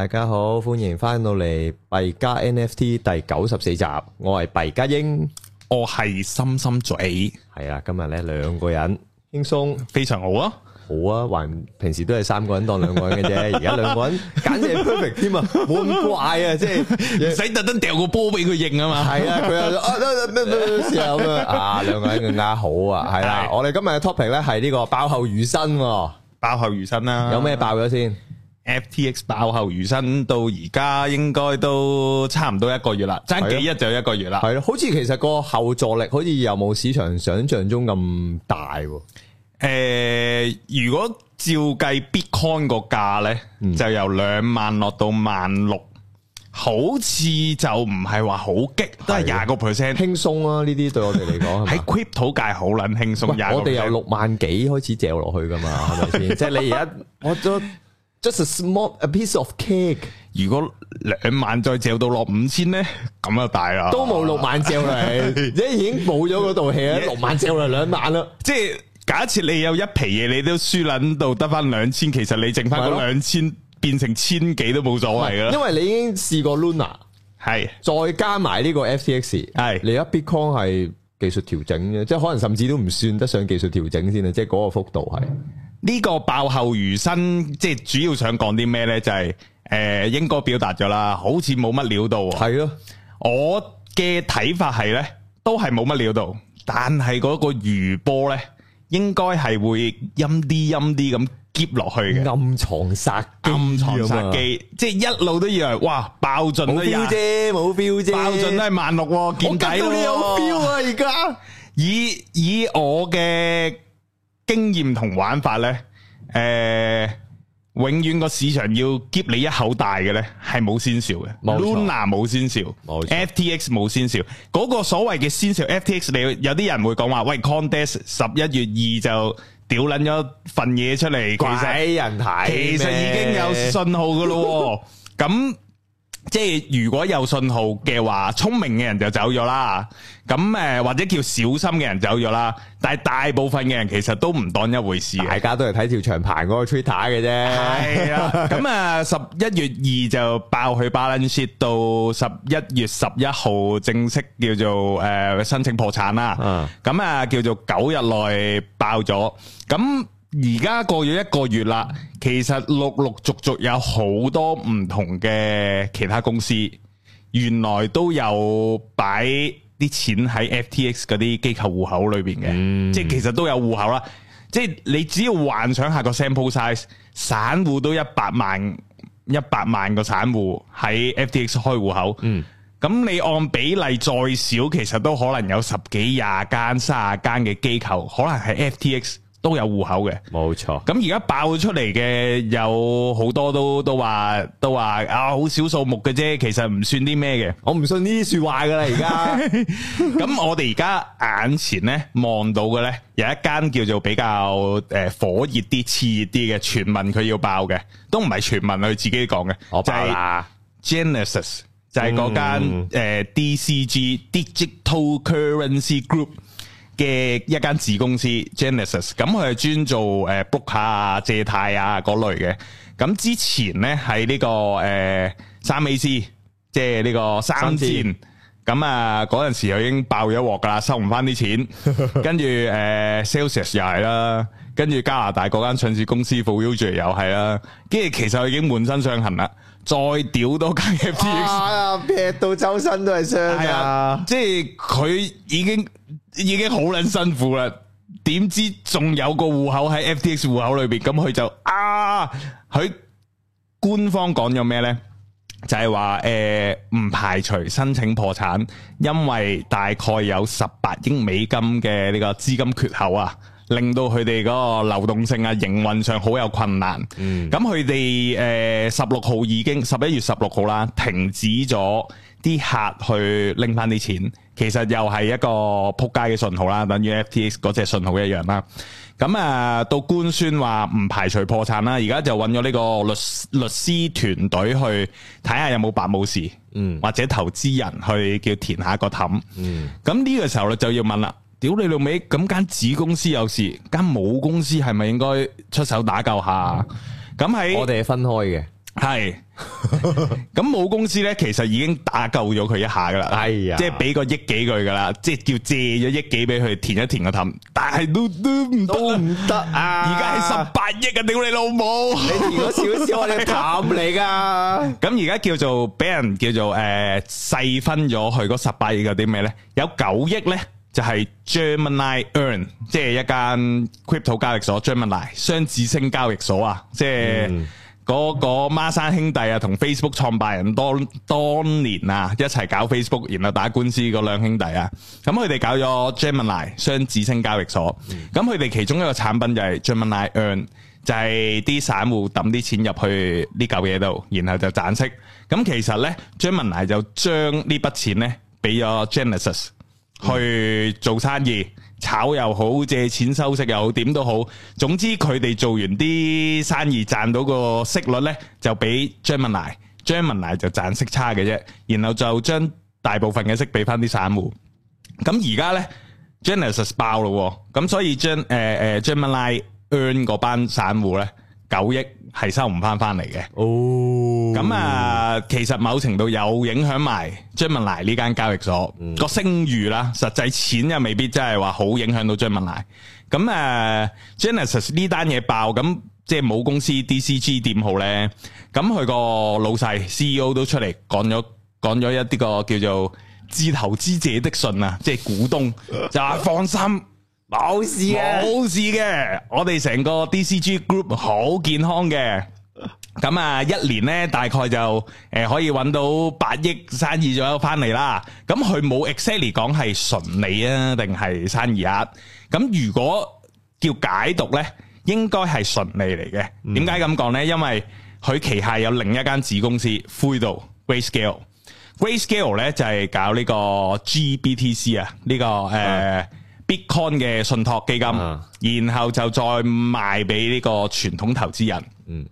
大家好，歡迎翻到嚟幣加 NFT 第九十四集，我係幣加英，我係心心嘴，係啊，今日咧兩個人輕鬆非常好啊，好啊，還平時都係三個人當兩個人嘅啫，而家兩個人簡直 perfect 添啊，冇咁怪啊，即係唔使特登掉個波俾佢應啊嘛，係啊，佢又啊啊啊啊咁啊，啊兩個人更加好啊，係啦，我哋今日嘅 topic 咧係呢個爆後餘生，爆後餘生啦，有咩爆咗先？FTX 爆後餘生到而家應該都差唔多一個月啦，爭幾日就一個月啦。係咯，好似其實個後座力好似又冇市場想象中咁大。誒，如果照計 Bitcoin 個價咧，就由兩萬落到萬六，好似就唔係話好激，都係廿個 percent 輕鬆啊！呢啲對我哋嚟講喺 Crypto 界好捻輕鬆，我哋由六萬幾開始掉落去噶嘛，係咪先？即係你而家我都。Just a small a piece of cake。如果兩萬再掉到落五千咧，咁就大啦。都冇六萬兆啦，你 已經冇咗嗰度氣啦。六萬兆就兩萬啦。即係假設你有一皮嘢，你都輸撚到得翻兩千，其實你剩翻嗰兩千咯變成千幾都冇所謂噶啦。因為你已經試過 Luna，係是再加埋呢個 FTX，係你一 Bitcoin 係技術調整嘅，即係可能甚至都唔算得上技術調整先啦，即係嗰個幅度係。呢個爆後餘生，即係主要想講啲咩咧？就係、是、誒，應、呃、該表達咗啦，好似冇乜料到。係咯的，我嘅睇法係咧，都係冇乜料到，但係嗰個餘波咧，應該係會陰啲陰啲咁跌落去嘅。暗藏殺機，暗藏殺機，即係一路都以為哇，爆盡都冇啫，冇標啫，爆盡都係萬六，見底咯。點解到你有標啊，而家 以以，以我嘅。經驗同玩法咧，誒，永遠個市場要揭你一口大嘅咧，係冇先兆嘅，Luna 冇先兆，FTX 冇先兆，嗰個所謂嘅先兆，FTX 你有啲人會講話，喂，CoinDesk 十一月二就屌捻咗份嘢出嚟，其實人睇，其實已經有信號噶咯，咁。即係如果有信號嘅話，聰明嘅人就走咗啦。咁誒、呃，或者叫小心嘅人走咗啦。但係大部分嘅人其實都唔當一回事，大家都係睇條長牌嗰個 Twitter 嘅啫。係啊。咁 啊，十一月二就爆去 balance sheet 到十一月十一號正式叫做誒、呃、申請破產啦。咁、嗯、啊，叫做九日內爆咗。咁。而家過咗一個月啦，其實陸陸續續有好多唔同嘅其他公司，原來都有擺啲錢喺 FTX 嗰啲機構戶口裏邊嘅，嗯、即係其實都有戶口啦。即係你只要幻想下個 sample size，散戶都一百萬一百萬個散戶喺 FTX 開戶口，咁、嗯、你按比例再少，其實都可能有十幾廿間、卅間嘅機構，可能係 FTX。都有戶口嘅，冇錯。咁而家爆出嚟嘅有好多都都話，都話啊好少數目嘅啫，其實唔算啲咩嘅。我唔信呢啲說話噶啦，而家。咁我哋而家眼前咧望到嘅咧，有一間叫做比較誒、呃、火熱啲、熾熱啲嘅傳聞，佢要爆嘅，都唔係傳聞，佢自己講嘅。我爆啦，Genesis 就係嗰間誒 DCG Digital Currency Group。嘅一間子公司 Genesis，咁佢係專做誒 book 下啊、借貸啊嗰類嘅。咁之前咧喺呢個誒 3AC，即係呢個三箭，咁啊嗰陣時又已經爆咗鑊噶啦，收唔返啲錢。跟住誒 Celsius 又係啦，跟住加拿大嗰間上市公司 Voyager 又係啦，跟住其實已經滿身傷痕啦，再屌多間 FTX，劈到周身都係傷啊！即係佢已經。已經好捻辛苦啦，點知仲有個戶口喺 FTX 戶口裏邊，咁佢就啊，佢官方講咗咩呢？就係話誒，唔排除申請破產，因為大概有十八億美金嘅呢個資金缺口啊，令到佢哋嗰個流動性啊、營運上好有困難。咁佢哋誒，十六號已經十一月十六號啦，停止咗啲客去拎翻啲錢。其實又係一個撲街嘅信號啦，等於 FTX 嗰隻信號一樣啦。咁啊，到官宣話唔排除破產啦，而家就揾咗呢個律律師團隊去睇下有冇白武士，嗯，或者投資人去叫填下個凼、嗯嗯，嗯。咁呢個時候咧就要問啦，屌你老味，咁間子公司有事，間母公司係咪應該出手打救下？咁喺、嗯、在我哋分開嘅。係，咁母公司咧，其實已經打救咗佢一下噶啦，係啊，即係俾個億幾佢噶啦，即係叫借咗億幾俾佢填一填個凼，但係都都唔都唔得啊！而家係十八億啊，屌你老母！你填咗少少，我哋凼你噶。咁而家叫做俾人叫做誒，細分咗佢嗰十八億嗰啲咩咧？有九億咧，就係 Gemini Earn，即係一間 crypto 交易所，Gemini 雙子星交易所啊，即係。嗰個孖生兄弟啊，同 Facebook 創辦人當當年啊，一齊搞 Facebook，然後打官司嗰兩兄弟啊，咁佢哋搞咗 Gemini 雙子星交易所，咁佢哋其中一個產品就係 Gemini Earn 就係啲散戶抌啲錢入去呢嚿嘢度，然後就賺息。咁、嗯嗯嗯、其實呢 Gemini 就將呢筆錢咧俾咗 Genesis 去做生意。炒又好，借錢收息又好，點都好。總之佢哋做完啲生意，賺到個息率咧，就俾 Gemini，Gemini 就賺息差嘅啫。然後就將大部分嘅息俾翻啲散戶。咁而家咧，Genesis 爆咯，咁所以將誒誒 Gemini earn 嗰班散戶咧九億。係收唔翻翻嚟嘅。哦、oh，嗯，咁、嗯、啊，其實某程度有影響埋 Gemini 呢間交易所、嗯、個聲譽啦，實際錢又未必真係話好影響到 Gemini。咁啊，Genesis 呢單嘢爆，咁即係母公司 DCG 點好咧，咁佢個老細 CEO 都出嚟講咗，講咗一啲個叫做致投資者的信啊，即係股東就話放心。冇事嘅，冇事嘅，我哋成個 DCG group 好健康嘅。咁啊，一年咧大概就誒可以搵到八億生意咗右翻嚟啦。咁佢冇 exactly 講係純利啊，定係生意額？咁如果叫解讀咧，應該係純利嚟嘅。點解咁講咧？因為佢旗下有另一間子公司，灰度 Grayscale。Grayscale 咧就係搞呢個 GBTC 啊，呢個誒。Bitcoin 嘅信託基金，然後就再賣俾呢個傳統投資人。嗯，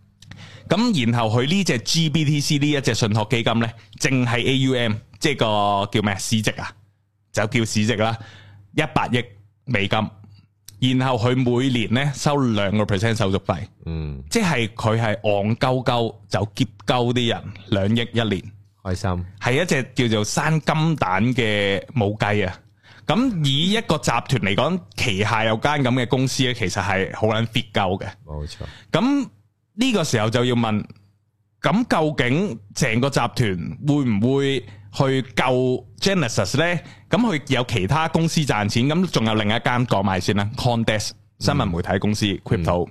咁然後佢呢隻 GBTC 呢一隻信託基金呢，淨係 AUM，即係個叫咩市值啊，就叫市值啦，一百億美金。然後佢每年呢收兩個 percent 手續費。嗯，即係佢係昂鳩鳩就結鳩啲人兩億一年，開心。係一隻叫做生金蛋嘅母雞啊！咁以一個集團嚟講，旗下有間咁嘅公司咧，其實係好捻 fit 夠嘅。冇錯錯。咁呢個時候就要問，咁究竟成個集團會唔會去救 Genesis 咧？咁佢有其他公司賺錢，咁仲有另一間講埋先啦。CoinDesk 新聞媒體公司，Crypto。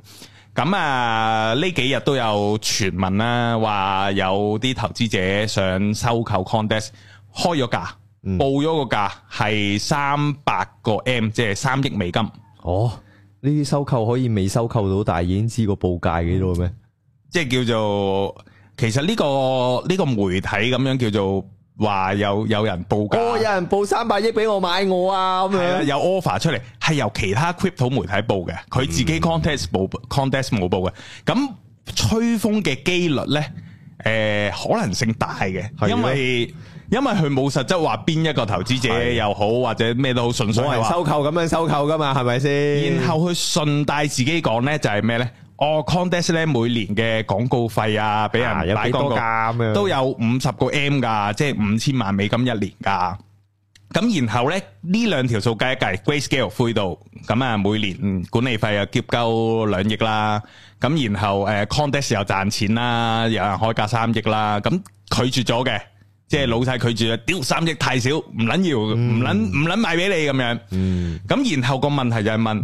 咁、嗯、啊，呢幾日都有傳聞啦，話有啲投資者想收購 CoinDesk，開咗價。報咗個價係三百個 M，即係三億美金。哦，呢啲收購可以未收購到，但係已經知個報價幾多咩？即係叫做，其實呢個呢個媒體咁樣叫做話有有人報價。哦，有人報三百億俾我買我啊，咁樣。係啦，有 offer 出嚟，係由其他 crypto 媒體報嘅，佢自己 contest 報，contest 冇報嘅。咁吹風嘅機率咧，誒，可能性大嘅，因為。因為佢冇實質話邊一個投資者又好，或者咩都好，純粹係收購咁樣收購噶嘛，係咪先？然後佢順帶自己講咧，就係咩咧？哦，CoinDesk 咧每年嘅廣告費啊，俾人打廣告都有五十個 M 噶，即係五千萬美金一年噶。咁然後咧呢兩條數計一計，Grayscale 灰度咁啊，每年管理費又結夠兩億啦。咁然後誒，CoinDesk 又賺錢啦，有人開價三億啦，咁拒絕咗嘅。即係老細拒絕啦，屌三億太少，唔捻要，唔捻唔捻賣俾你咁樣。嗯，咁然後個問題就係問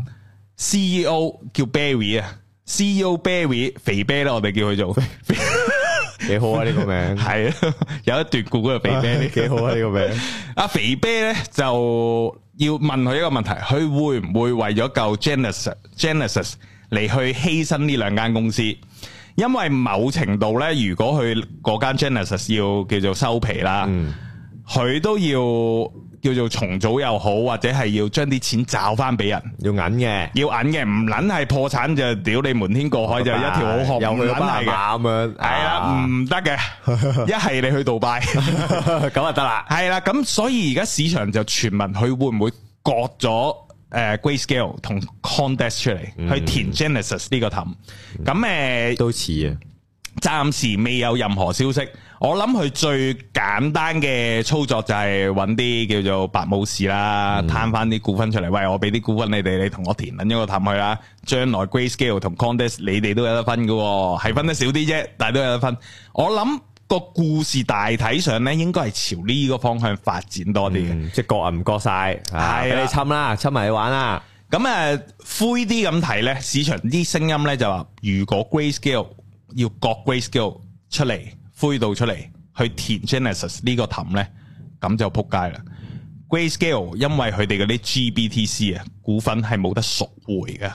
CEO 叫 Barry 啊，CEO Barry 肥啤咧，我哋叫佢做幾好啊？呢個名係啊，有一段故肥啤，你幾好啊？呢個名阿肥啤咧就要問佢一個問題，佢會唔會為咗救 Genesis Genesis 嚟去犧牲呢兩間公司？因為某程度咧，如果佢嗰間 Genesis 要叫做收皮啦，佢、嗯、都要叫做重組又好，或者係要將啲錢找翻俾人，要銀嘅，要銀嘅，唔捻係破產就屌你瞞天過海，啊，就一條好學，有捻係咁樣，係啦，唔得嘅，一係 你去杜拜咁 就得啦，係啦，咁所以而家市場就傳聞佢會唔會割咗？誒 grayscale 同 condes 出嚟去填 genesis 呢個氹，咁誒都似啊！暫時未有任何消息，我諗佢最簡單嘅操作就係揾啲叫做白武士啦，攤翻啲股份出嚟，喂我俾啲股份你哋，你同我填緊一個氹去啦。將來 grayscale 同 condes 你哋都有得分㗎喎，係分得少啲啫，但係都有得分。我諗。個故事大體上咧，應該係朝呢個方向發展多啲，即係割唔割晒，係俾你侵啦，侵埋你玩啦。咁啊，灰啲咁睇咧，市場啲聲音咧就話，如果 Grayscale 要割 Grayscale 出嚟，灰度出嚟去填 Genesis 呢個氹咧，咁就扑街啦。Grayscale，因為佢哋嗰啲 GBTC 啊股份係冇得贖回㗎，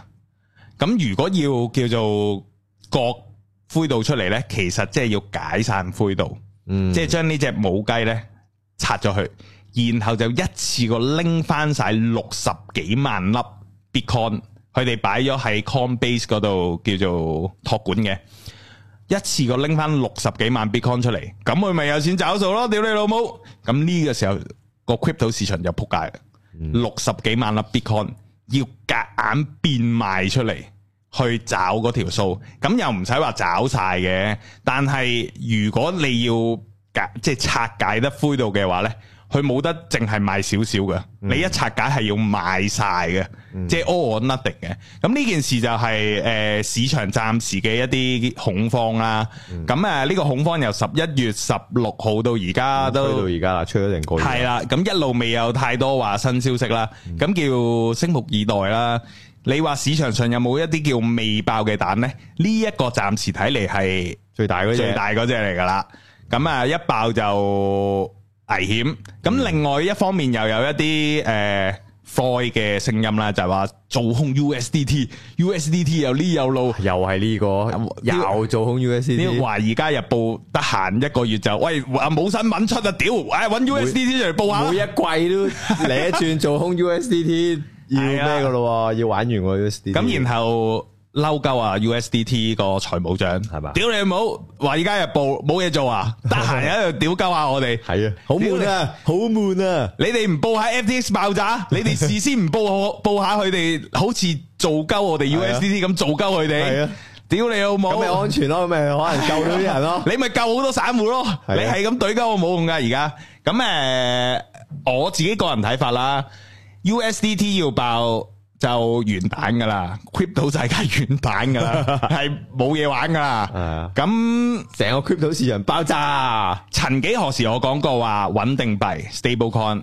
咁如果要叫做割。灰度出嚟呢，其實即係要解散灰度，嗯、即係將呢隻母雞呢拆咗佢，然後就一次過拎翻晒六十幾萬粒 bitcoin，佢哋擺咗喺 Coinbase 嗰度叫做託管嘅，一次過拎翻六十幾萬 bitcoin 出嚟，咁佢咪有錢找數咯，屌你老母！咁呢個時候個 crypto 市場就撲街，六十幾萬粒 bitcoin 要夾硬變賣出嚟。去找嗰條數，咁又唔使話找曬嘅。但係如果你要解，即係拆解得灰到嘅話咧，佢冇得淨係賣少少嘅。你一拆解係要賣曬嘅，即係 all or nothing 嘅。咁呢件事就係誒市場暫時嘅一啲恐慌啦。咁誒呢個恐慌由十一月十六號到而家都，到而家啦，出咗成個月。係啦，咁一路未有太多話新消息啦，咁叫拭目以待啦。你話市場上有冇一啲叫未爆嘅蛋咧？呢、這、一個暫時睇嚟係最大嗰隻，大隻嚟噶啦。咁啊，一爆就危險。咁另外一方面又有一啲誒 FUD 嘅聲音啦，就係、是、話做空 USDT，USDT 又呢又路，又係呢、這個，又，又，又做空 USDT、這個。話，而家日報得閒一個月就喂，冇、啊、新聞出啊，屌！哎，揾 USDT 嚟報啊！每一季都嚟一轉做空 USDT。 要咩噶咯？要玩完 U S D T 咁，然後嬲鳩啊 U S D T 個財務長係嘛？屌你冇話而家又報冇嘢做啊？得閒又喺度屌鳩下我哋係啊，好悶啊，好悶啊！你哋唔報下 F T X 爆炸，你哋事先唔報報下佢哋，好似做鳩我哋 U S D T 咁做鳩佢哋係啊！屌你老母，咁咪安全咯？咪可能救到啲人咯？你咪救好多散戶咯？你係咁懟鳩我冇用噶而家咁誒，我自己個人睇法啦。USDT 要爆就完蛋噶啦，Crypto 就係完蛋噶啦，係冇嘢玩噶啦。咁成 那個 Crypto 市場爆炸，曾幾何時我講過話穩定幣 stablecoin。St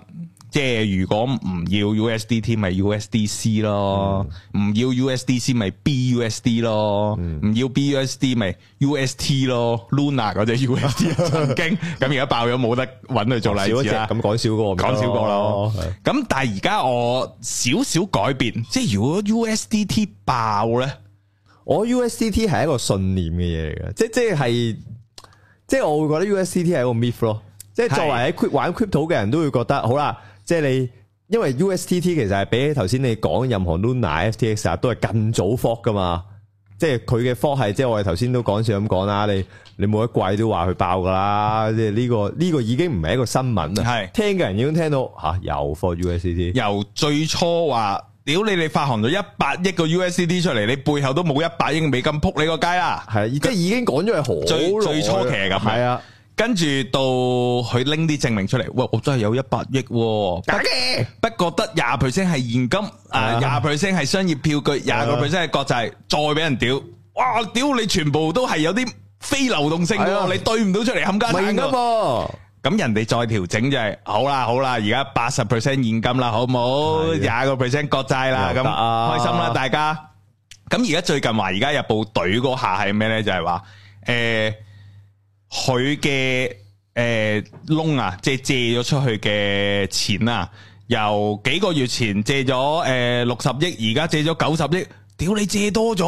即係如果唔要 USDT 咪 USDC 咯，唔要 USDC 咪 BUSD 咯，唔要 BUSD 咪 UST 咯，Luna 嗰隻 UST 曾經咁而家爆咗冇得揾佢做例子啦。咁講少個，講少個咯。咁但係而家我少少改變，即係如果 USDT 爆咧，我 USDT 係一個信念嘅嘢嚟嘅，即係即係即係我會覺得 USDT 係一個 myth 咯。即係作為喺玩 crypto 嘅人都會覺得好啦。即係你，因為 U S T T 其實係比起頭先你講任何 Luna F T X 都係更早 fall 㗎嘛。即係佢嘅 fall 係，即係我哋頭先都講笑咁講啦。你你每一季都話佢爆㗎啦。即係呢、呢個呢、呢個已經唔係一個新聞啊。係是聽嘅人已經聽到吓、啊，又 fall U S D T。由最初話屌你哋發行咗一百億個 U S D T 出嚟，你背後都冇一百億美金扑你個街啦。係、啊，即係已經講咗係好。最最初期咁。係啊。跟住到佢拎啲證明出嚟，喂，我真係有一百億，啊，一百億，不覺得廿 percent 係現金，誒 Yeah.，廿 percent 係商業票據，廿個 percent 係國債，Yeah. 再俾人屌，哇，屌你全部都係有啲非流動性，Yeah. 你對唔到出嚟冚家鏟噶，咁 人哋再調整就係、是、好啦，好啦，而家八十 percent 現金啦，好唔好？廿個 percent 國債啦，咁 Yeah. 開心啦，Yeah. 大家。咁而家最近話而家入部隊嗰下係咩咧？就係話誒。呃佢嘅誒窿啊，即係借咗出去嘅錢啊，由幾個月前借咗誒六十億，而家借咗九十億，屌你借多咗、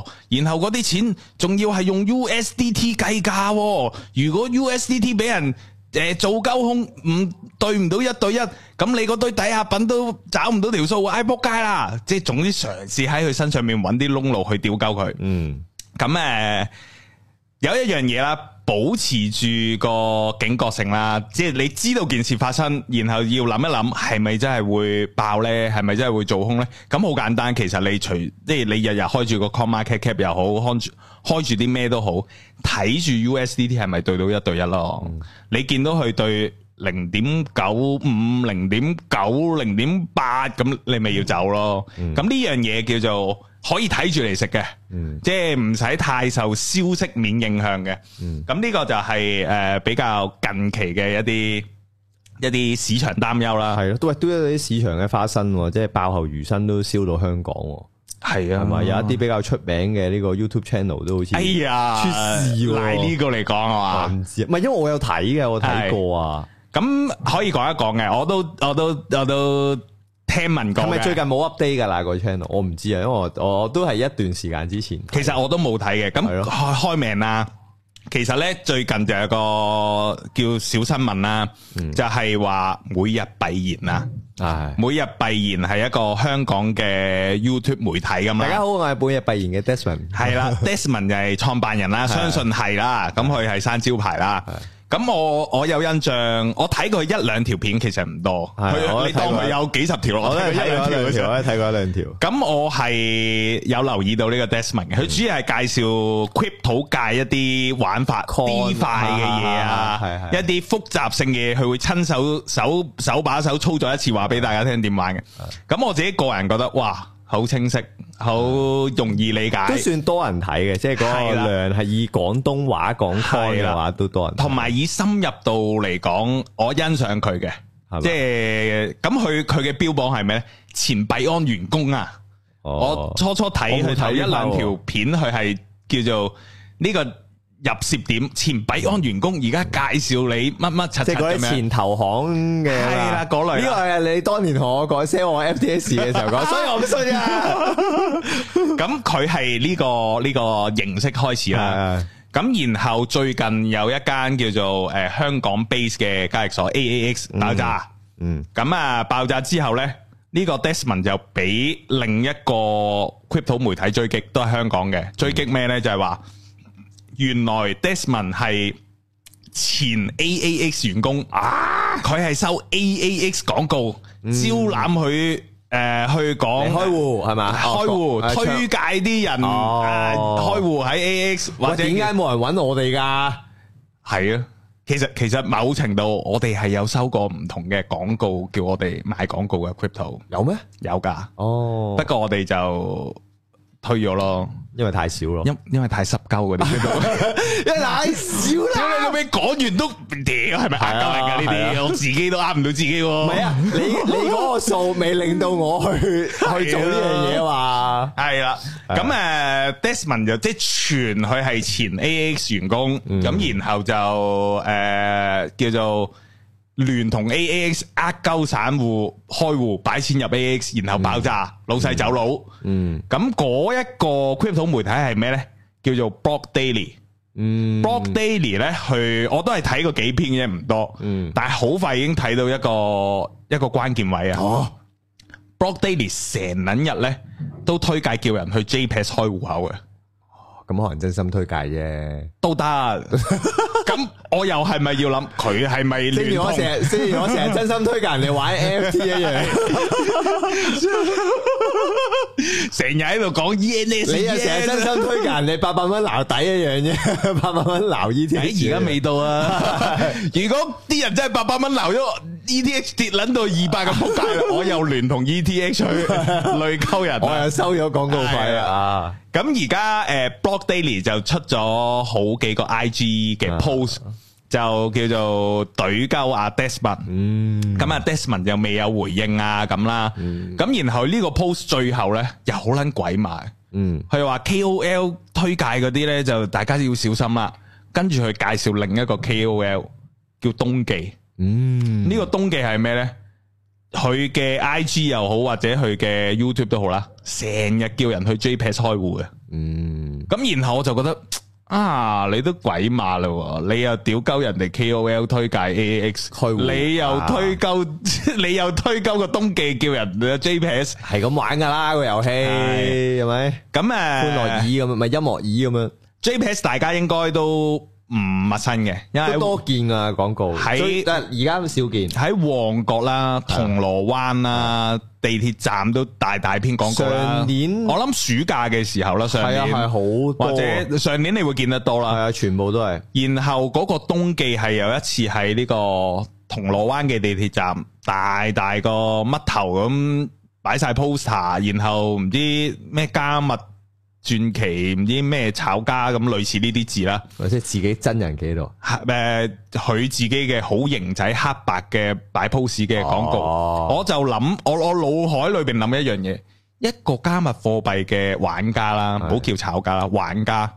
啊，然後嗰啲錢仲要係用 USDT 計價、啊，如果 USDT 俾人誒、呃、做交空唔對唔到一對一，咁你嗰堆抵押品都找唔到條數，挨仆街啦，即係總之嘗試喺佢身上面揾啲窿路去屌鳩佢。嗯，咁、呃、誒有一樣嘢啦。保持住個警覺性啦，即係你知道件事發生，然後要諗一諗係咪真係會爆呢？係咪真係會做空呢？咁好簡單，其實你除即係你日日開住個 coin market cap 又好，開住開住啲咩都好，睇住 USDT 係咪對到一對一咯？嗯、你見到佢對零點九五、零點九、零點八咁，你咪要走咯。咁呢、嗯、樣嘢叫做。可以睇住嚟食嘅，嗯、即係唔使太受消息面影響嘅。咁呢、嗯、個就係誒比較近期嘅一啲一啲市場擔憂啦。係咯、啊，都係都係啲市場嘅花生，即係爆後餘生都燒到香港。係啊，係咪有一啲比較出名嘅呢、呢個 YouTube channel 都好似哎呀出事喎？呢個嚟講啊嘛，唔知，唔係因為我有睇嘅，我睇過啊。咁可以講一講嘅，我都我都我都。我都我都聽聞過係最近冇 update 噶啦個 channel？我唔知啊，因為我我都係一段時間之前。其實我都冇睇嘅。咁開名啦，其實咧最近就有個叫小新聞啦，啊，嗯、就係話每日閉言啦。係、嗯哎、每日閉言係一個香港嘅 YouTube 媒體咁，啊，嘛。大家好，我係每日閉言嘅 Desmond。 係啦，Desmond 就係創辦人，啊哎、呀 啦，相信係啦，咁佢係生招牌啦。哎咁我我有印象，我睇過一兩條片，其實唔多。佢你當佢有幾十條，我都睇過一兩條，我都睇過一兩條。咁我係有留意到呢個 Desmond 嘅，佢主要係介紹 Crypto 界一啲玩法、DeFi 嘅嘢啊，一啲複雜性嘅嘢，佢會親手手手把手操作一次，話俾大家聽點玩嘅。咁我自己個人覺得，哇！好清晰，好容易理解，都算多人睇嘅。即係嗰個量係以廣東話講開嘅話，都多人。同埋以深入度嚟講，我欣賞佢嘅。即係咁，佢佢嘅標榜係咩咧？前幣安員工啊！我初初睇佢頭一兩條片，佢係叫做呢個。入蝕點前，幣安員工而家介紹你乜乜七七咁樣。即係嗰啲前投行嘅係啦，嗰類呢個係你當年同我講 sell 我 F T S 嘅時候講，所以我唔信啊。咁佢係呢個呢個形式開始啦。咁然後最近有一間叫做誒香港 base 嘅交易所 A A X 爆炸。嗯，咁啊爆炸之後咧，呢個 Desmond 就俾另一個 crypto 媒體追擊，都係香港嘅。追擊咩咧？就係話。原來 Desmond 係前 AAX 員工啊！佢係收 AAX 廣告招攬佢誒去講開戶係咪？開戶推介啲人開戶喺 AAX，或者點解冇人揾我哋㗎？係啊，其實其實某程度我哋係有收過唔同嘅廣告叫我哋買廣告嘅 crypto 有咩？有㗎哦，不過我哋就，退咗咯，因為太少咯，因因為太濕交嗰啲，因為太少啦。咁你做咩講完都屌，係咪行得嚟噶呢啲？我自己都呃唔到自己喎。唔係啊，你你嗰個數未令到我去去做呢樣嘢嘛？係啦，咁誒，Desmond 就即係傳佢係前 AX 員工，咁然後就誒叫做。聯同 A A X 呃鳩散戶開戶，擺錢入 A X，然後爆炸老細走佬，咁嗰一個 crypto 媒體係咩呢？叫做 Block Daily，Block Daily 咧去我都係睇過幾篇啫唔多，但係好快已經睇到一個一個關鍵位啊！Block Daily 成兩日咧都推介叫人去 JPAS 開戶口嘅，咁可能真心推介啫，都得。嗯、我又係咪要諗佢係咪？正如我成日，正如我成日真心推介人哋玩 NFT 一樣，成日喺度講 ENS。你又成日真心推介人哋八百蚊留底一樣啫，八百蚊留呢條。喺而家未到啊！如果啲人真係八百蚊留咗。ETH 跌撚到二百個撲街，我又聯同 ETH 去累鳩人，我又收咗廣告費啊！咁而家誒 Block Daily 就出咗好幾個 IG 嘅 post，就叫做懟鳩阿 Desmond，咁啊 Desmond 又未有回應啊咁啦。咁然後呢個 post 最後咧又好撚鬼埋，佢話 KOL 推介嗰啲咧就大家要小心啦。跟住佢介紹另一個 KOL 叫冬記。嗯，呢個冬季係咩咧？佢嘅 I G 又好，或者佢嘅 YouTube 都好啦，成日叫人去 J P S 開戶嘅。嗯，咁然後我就覺得啊，你都鬼馬啦，你又屌鳩人哋 K O L 推介 A A X 開戶，你又推鳩，你又推鳩個冬季叫人去 J P S，係咁玩噶啦個遊戲係咪？咁啊，音樂椅咁啊，咪音樂椅咁樣 J P S，大家應該都。唔陌生嘅，因為都多見啊廣告。喺但而家都少見。喺旺角啦、銅鑼灣啦、的地鐵站都大大篇廣告啦。上年我諗暑假嘅時候啦，上年係好或者上年你會見得多啦。係啊，全部都係。然後嗰個冬季係有一次喺呢個銅鑼灣嘅地鐵站，大大個乜頭咁擺晒 poster，然後唔知咩加密。傳奇唔知咩炒家咁，類似呢啲字啦，或者自己真人幾多？誒、啊，佢自己嘅好型仔黑白嘅擺 pose 嘅廣告，哦、我就諗我我腦海裏邊諗一樣嘢，一個加密貨幣嘅玩家啦，唔好叫炒家啦，是玩家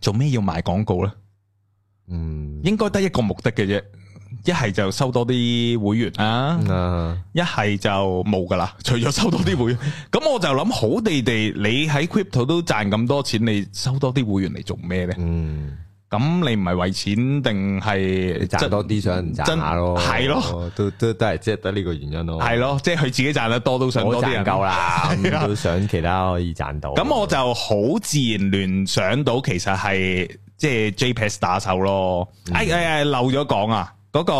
做咩要賣廣告咧？嗯，應該得一個目的嘅啫。一係就收多啲會員啊，一係就冇噶啦。除咗收多啲會員，咁我就諗好地地，你喺 Crypto 都賺咁多錢，你收多啲會員嚟做咩咧？咁你唔係為錢定係賺多啲想賺下咯？係咯，都都都係即係得呢個原因咯。係咯，即係佢自己賺得多都想多啲人夠啦，都想其他可以賺到。咁我就好自然聯想到，其實係即係 JPS 打手咯。哎哎哎，漏咗講啊！嗰個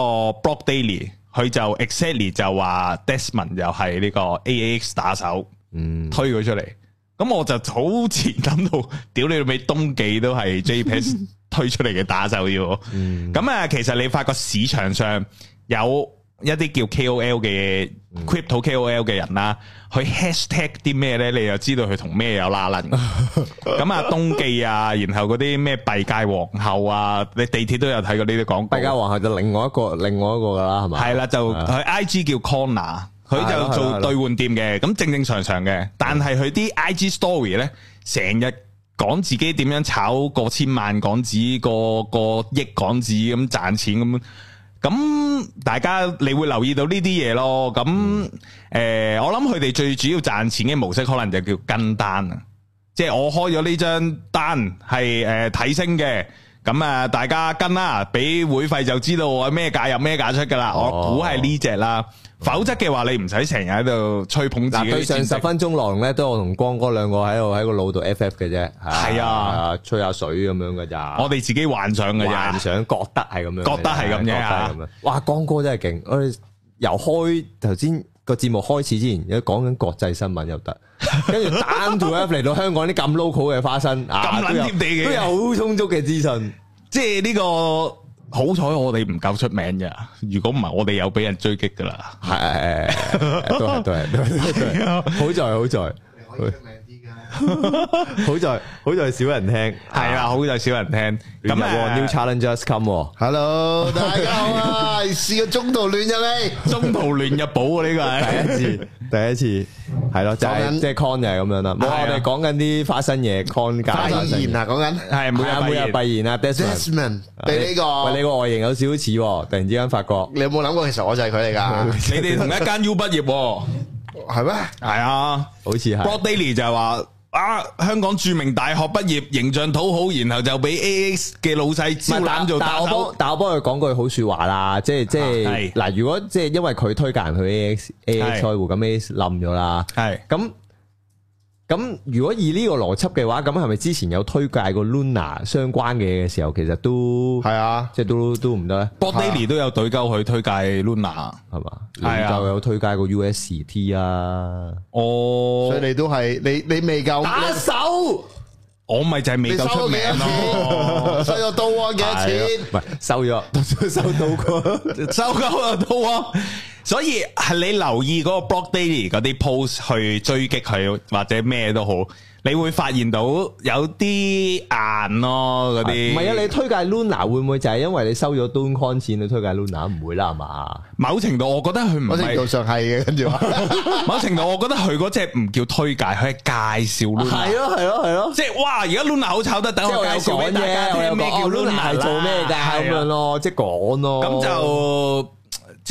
Block Daily 佢就 e、exactly、x c t l y 就話 Desmond 又係呢個 AAX 打手，嗯、推佢出嚟，咁我就好自然諗到，屌你到尾冬季都係 JPS 推出嚟嘅打手要，咁、嗯、啊其實你發覺市場上有。一啲叫 KOL 嘅 crypto KOL 嘅人啦，佢、嗯、hashtag 啲咩咧？你又知道佢同咩有拉褦？咁啊，冬季啊，然後嗰啲咩幣界皇后啊，你地鐵都有睇過呢啲廣告。幣界皇后就另外一個，另外一個噶啦，係咪？係啦，就佢 IG 叫 Connor，佢就做兌換店嘅，咁 正正常常嘅。但係佢啲 IG story 咧，成日講自己點樣炒個千萬港紙，個個億港紙咁賺錢咁。咁大家你會留意到呢啲嘢咯，咁誒、嗯呃，我諗佢哋最主要賺錢嘅模式可能就叫跟單啊，即係我開咗呢張單係誒睇升嘅，咁啊、呃、大家跟啦，俾會費就知道我咩價入咩價出噶、哦、啦，我估係呢隻啦。否則嘅話，你唔使成日喺度吹捧自己。上十分鐘浪咧，都有我同光哥兩個喺度喺個腦度 F F 嘅啫，係啊，啊，啊，吹下水咁樣噶咋？我哋自己幻想嘅哇，幻想覺得係咁樣，覺得係咁樣。哇，光哥真係勁！我哋由開頭先個節目開始之前，而家講緊國際新聞又得，跟住 Down to Earth 嚟到香港啲咁 local 嘅花生，咁冷啲地嘅，都有好 充足嘅資訊。即係呢個。好彩我哋唔夠出名啫，如果唔係我哋又俾人追擊噶啦，係， 都係都係，好在好在。好在好在少人聽，係啊，好在少人聽。咁啊，New Challenges Come，Hello，大家，試個中途亂入未？中途亂入寶啊！呢個係第一次，第一次係咯，講緊即係 Con 就係咁樣啦。我哋講緊啲花生嘢，Con 界必然啊，講緊係每日每日必然啊。Businessman 對呢個你個外形有少少似，突然之間發覺，你有冇諗過？其實我就係佢嚟噶，你哋同一間 U 畢業係咩？係啊，好似係。Broad Daily 就係話。啊！香港著名大學畢業，形象討好，然後就俾 A X 嘅老細招攬做，但係我都，但我幫佢講句好說話啦，即係即係，嗱、啊，如果即係因為佢推介人去 A X A X 開戶是，咁咪冧咗啦，係咁是。咁如果以呢個邏輯嘅話，咁係咪之前有推介過 Luna 相關嘅時候，其實都係啊，即係都都唔得咧。Bodyly 都有對鳩去推介 Luna 係嘛吧，啊、你就有推介個 UST 啊，哦，所以你都係你你未夠打手。我咪就係未夠出名咯， 收咗到啊幾多錢？唔係收咗，收到過， 收夠啦到啊！所以係你留意嗰個 block daily 嗰啲 post 去追擊佢，或者咩都好。你會發現到有啲硬咯，嗰啲唔係啊！你推介 Luna 會唔會就係因為你收咗 Do Kwon 錢，你推介 Luna 唔會啦嘛？某程度我覺得佢唔係，某程度上係嘅。跟住話，某程度我覺得佢嗰隻唔叫推介，佢係介紹 Luna。係咯，係咯，係咯，即係哇！而家 Luna 好炒得，等我介紹俾大家聽咩叫 Luna 係做咩噶？咁樣咯，即係講咯。咁就。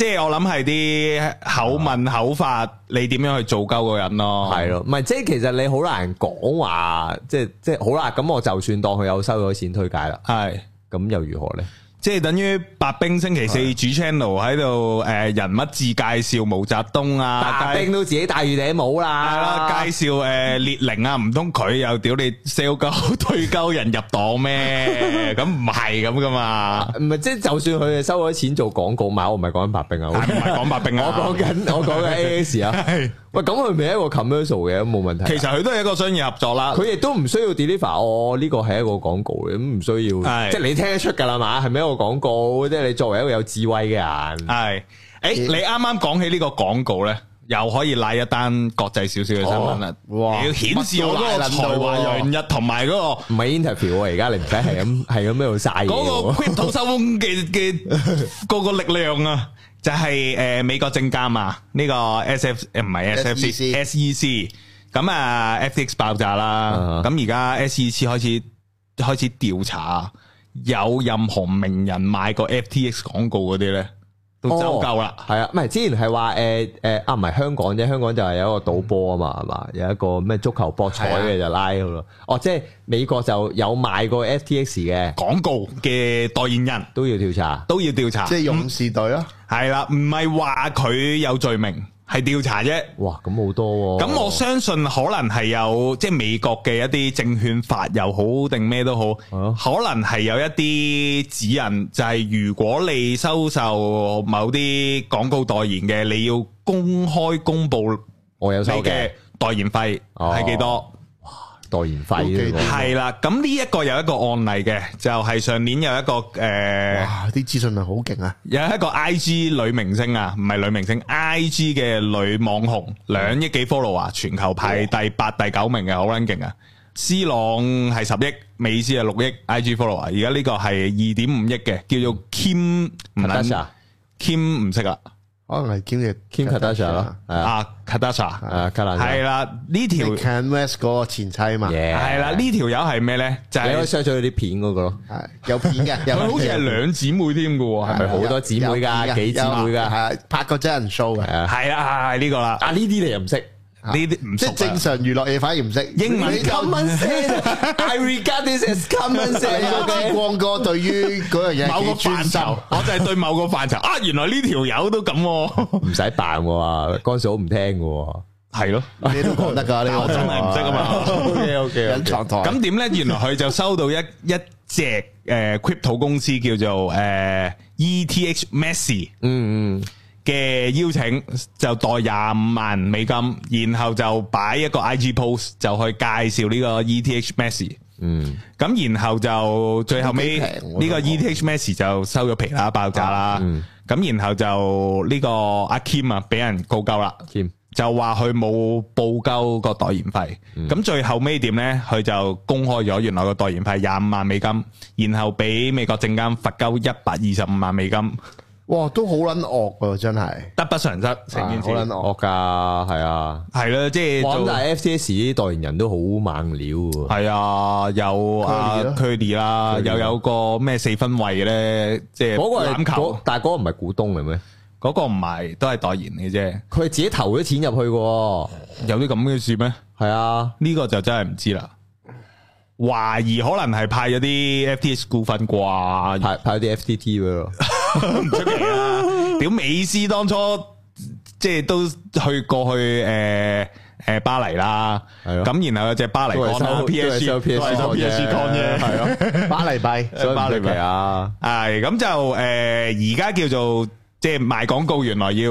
即係我諗係啲口問口法，啊、你點樣去做鳩個人咯，啊？係咯，唔係即係其實你好難講話，即係即係好啦。咁我就算當佢有收咗錢推介啦，係咁是的 又如何咧？即係等於白兵星期四主 channel 喺度誒人物自介紹毛澤東啊，白兵都自己戴住頂帽啦，係啦介紹誒列寧啊，唔通佢又屌你 sell 鳩退鳩人入黨咩？咁唔係咁㗎嘛？唔係即係就算佢哋收咗錢做廣告嘛，我唔係講緊白兵 啊，唔係講白兵啊，我講緊 我講緊 A S 啊。 喂，咁佢咪一個 commercial 嘅，冇問題。其實佢都係一個商業合作啦，佢亦都唔需要 deliver。我呢個係一個廣告嘅，都唔需要。係，即係你聽得出噶啦嘛？係咪一個廣告？即係你作為一個有智慧嘅人。係，誒，你啱啱講起呢個廣告咧，又可以拉一單國際少少嘅新聞啦。哇！要顯示我嗰個才華洋溢同埋嗰個唔係 interview 啊！而家你唔使係咁係咁咩度晒嗰個 keyboard 收風嘅嘅嗰個力量啊！就係誒美國證監嘛，呢、呢個 S.F 唔係 S.F.C.、呃、S.E.C. 咁啊 F.T.X 爆炸啦，咁而家 S.E.C. 開始開始調查，有任何名人買過 F.T.X 廣告嗰啲咧，都走夠啦。係、哦、啊，唔係之前係話誒誒啊唔係、啊、香港啫，香港就係有一個賭波啊嘛，係嘛，有一個咩足球博彩嘅就拉咯、啊。哦，即係美國就有買過 F.T.X 嘅廣告嘅代言人，都要調查，都要調查，嗯、即係勇士隊啊！係啦，唔係話佢有罪名，係調查啫。哇，咁好多喎，哦，我相信可能係有即係美國嘅一啲證券法又好定咩都好，啊、可能係有一啲指引，就係、是、如果你收受某啲廣告代言嘅，你要公開公布你嘅代言費係幾多。代言費呢係啦，咁呢一個有一個案例嘅，就係、是、上年有一個誒，呃、哇啲資訊量好勁啊！有一個 I G 女明星啊，唔係女明星，I G 嘅女網紅兩億幾 follow 啊，全球排第八、第九名嘅好撚勁啊！C 朗係十億，美斯係六億 I G follow 啊，而家呢個係二點五億嘅，叫做 Kim 唔啊 Kim 唔識啊可能係叫咩？Kim Kardashian 咯，啊 Kardashian 係啦，呢條 Kanye West 個前妻嘛，係啦，呢條友係咩咧？你可以 search 佢啲片嗰個咯，係有片嘅，佢好似係兩姊妹添嘅，係咪好多姊妹噶？幾姊妹噶？係拍過真人 show，係啊，係啊，係呢個啦。啊，呢啲你又唔識？呢啲唔識正常娛樂嘢，反而唔識英文。common sense, I regard this as common sense。阿光哥對於嗰樣嘢，某個範疇，我就係對某個範疇。啊，原來呢條友都咁，唔使扮，光叔唔聽嘅，係咯，你都講得噶，我真係唔識啊嘛。O K O K，咁點咧？原來佢就收到一一隻誒，crypto 公司叫做誒 E T H Messy。嗯嗯。嘅邀請就代廿五萬美金，然後就擺一個 IG post 就去介紹呢個 ETH mass，咁然後就最後尾呢個 ETH mass 就收咗皮啦，爆炸啦，咁然後就呢個阿 Kim 啊俾人告鳩啦，就話佢冇報夠個代言費，咁最後尾點呢？佢就公開咗原來個代言費廿五萬美金，然後俾美國證監罰鳩一百二十五萬美金。哇，都好撚惡喎！真係得不償失，成件事好撚惡噶，係啊，係咯，即係但係 F T S 啲代言人都好猛料喎。係啊，有啊佢哋啦，又有個咩四分位咧，即係嗰個係籃球，但係嗰個唔係股東嘅咩？嗰個唔係都係代言嘅啫。佢自己投咗錢入去嘅，有啲咁嘅事咩？係啊，呢個就真係唔知啦。懷疑可能係派咗啲 F T S 股份啩？派派啲 F T T 喎。唔出奇啦，屌美斯當初即係都去過去誒誒巴黎啦，係咯。咁然後有隻巴黎廣告 P S C P S C P S C Con 啫，係咯巴黎幣，所以巴黎幣啊。係咁就誒，而家叫做即係賣廣告，原來要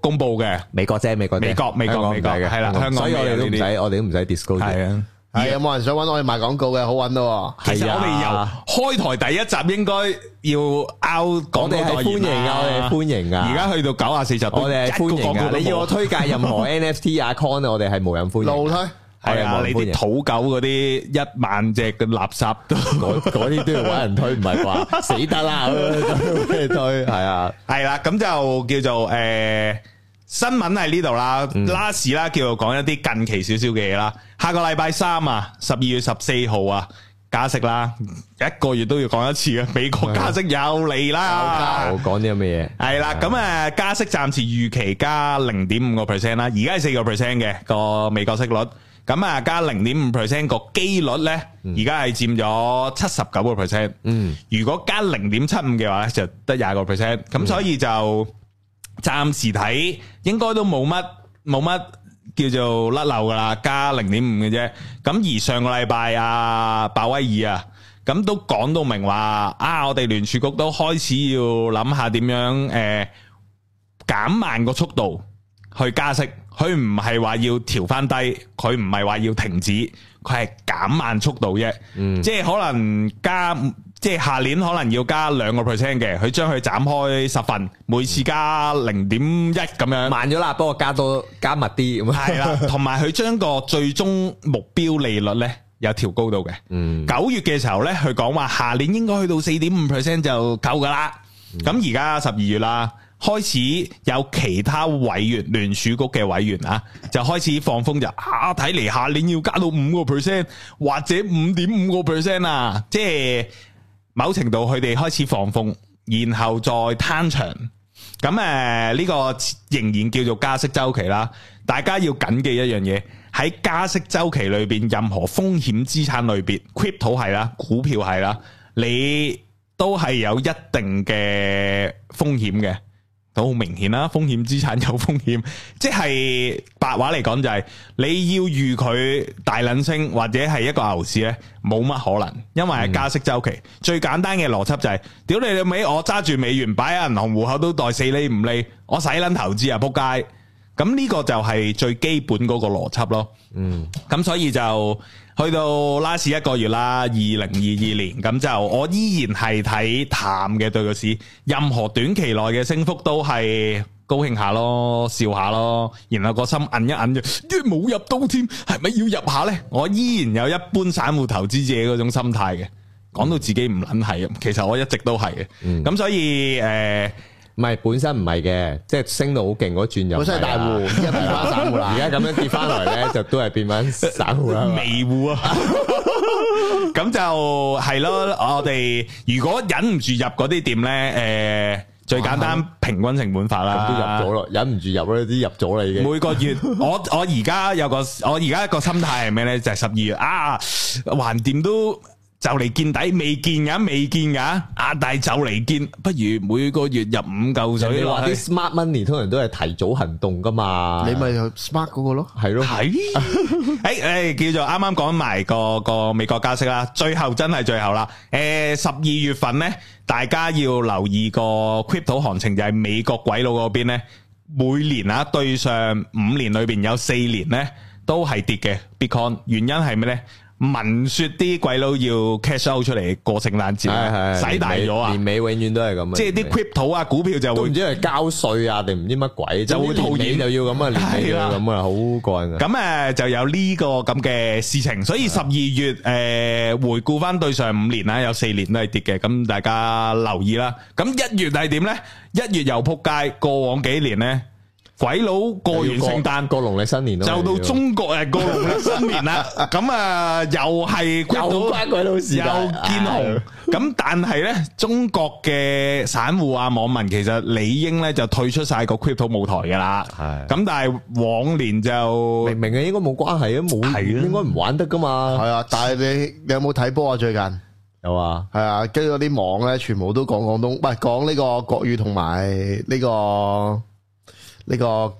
公布嘅。美國啫，美國，美國，美國，美國嘅係啦。香港嘢都唔使，我哋都唔使 discuss。係啊。係有冇人想揾我去賣廣告嘅？好揾咯。其實我哋由開台第一集應該要拗講嘅，歡迎我哋歡迎啊！而家去到九十四集，我哋係歡迎啊！你要我推介任何 NFT 啊 Coin，我哋係冇人歡迎。路推係啊！你啲土狗嗰啲一萬隻嘅垃圾，嗰嗰啲都要揾人推，唔係話？死得啦！都要推，係啊，係啦，咁就叫做誒。新聞喺呢度啦，last 啦，嗯、叫做講一啲近期少少嘅嘢啦。下個禮拜三啊，十二月十四號啊，加息啦，一個月都要講一次嘅、啊，美國加息又嚟啦、啊。講啲咁嘅嘢？係啦，咁誒，加息暫時預期加零點五個 percent 啦，而家係四個 percent 嘅個美國息率，咁啊加零點五 percent 個機率咧，而家係佔咗七十九個 percent。嗯，嗯如果加零點七五嘅話咧，就得廿個 percent。咁所以就。嗯暫時睇應該都冇乜冇乜叫做甩漏噶啦，加零點五嘅啫。咁而上個禮拜阿鮑威爾啊，咁都講到明話啊，我哋聯儲局都開始要諗下點樣誒減慢個速度去加息。佢唔係話要調翻低，佢唔係話要停止，佢係減慢速度啫。嗯，即係可能加。即係下年可能要加兩個 percent 嘅，佢將佢斬開十份，每次加零點一咁樣，慢咗啦，不過加多加密啲係啦，同埋佢將個最終目標利率咧有調高到嘅。嗯，九月嘅時候咧，佢講話下年應該去到四點五 percent 就夠噶啦。咁而家十二月啦，開始有其他委員聯儲局嘅委員啊，就開始放風就啊，睇嚟下年要加到五個 percent 或者五點五個 percent 啊，即係。某程度佢哋開始放風，然後再攤場，咁誒呢個仍然叫做加息週期啦。大家要緊記一樣嘢，喺加息週期裏邊，任何風險資產類別，crypto 係啦，股票係啦，你都係有一定嘅風險嘅。都好明顯啦，風險資產有風險，即係白話嚟講就係、是、你要預佢大捻升或者係一個牛市呢，冇乜可能，因為係加息週期、嗯、最簡單嘅邏輯就係、是，嗯、屌你個尾，我揸住美元擺喺銀行戶口都袋四厘五厘，我使捻投資啊撲街，咁呢個就係最基本嗰個邏輯咯。嗯，咁所以就。去到 last 一個月啦，二零二二年咁就我依然係睇淡嘅，對個市，任何短期內嘅升幅都係高興下咯，笑下咯，然後個心摁一摁嘅，冇入到添，係咪要入下呢？我依然有一般散戶投資者嗰種心態嘅，講到自己唔撚係，其實我一直都係嘅，咁、嗯、所以誒。呃唔係本身唔係嘅，即係升到好勁嗰一轉入，本身係大戶，一變翻散戶啦。而家咁樣跌翻嚟咧，就都係變翻散戶啦。微戶啊，咁就係咯。我哋如果忍唔住入嗰啲店咧，誒，最簡單平均成本法啦。咁都入咗咯，忍唔住入咧，啲入咗啦已經。每個月我我而家有個我而家一個心態係咩咧？就係十二月啊，橫掂都。就嚟見底，未見噶，未見噶。阿大就嚟見，不如每個月入五嚿水落去。啲 smart money 通常都係提早行動噶嘛，你咪用 smart 嗰個咯，係咯。係，誒誒，叫做啱啱講埋個個美國加息啦，最後真係最後啦。誒，十二月份咧，大家要留意個 crypto 行情就係美國鬼佬嗰邊咧。每年啊，對上五年裏邊有四年咧都係跌嘅，Bitcoin。原因係咩咧？文說啲鬼佬要 cash out 出嚟過聖誕節，使大咗啊！年尾永遠都係咁，即係啲 crypto 啊股票就會，唔知係交稅啊定唔知乜鬼，就會套錢又要咁啊，的年尾又要咁啊，好怪的。咁誒，就有呢個咁嘅事情，所以十二月誒的回顧翻對上五年啦，有四年都係跌嘅，咁大家留意啦。咁一月係點咧？一月又扑街。過往幾年咧。鬼佬過完聖誕過農曆新年咯，就到中國誒過農曆新年啦。咁啊又係鬼佬關鬼佬事，又見紅。咁但係咧，中國嘅散戶啊網民其實理應咧就退出晒個 crypto 舞台噶啦。係咁，但係往年就明明啊，應該冇關係啊，冇應該唔玩得噶嘛。係啊，但係你有冇睇波啊？最近有啊，係啊，跟住啲網咧，全部都講廣東，唔係講呢個國語同埋呢個。呢個誒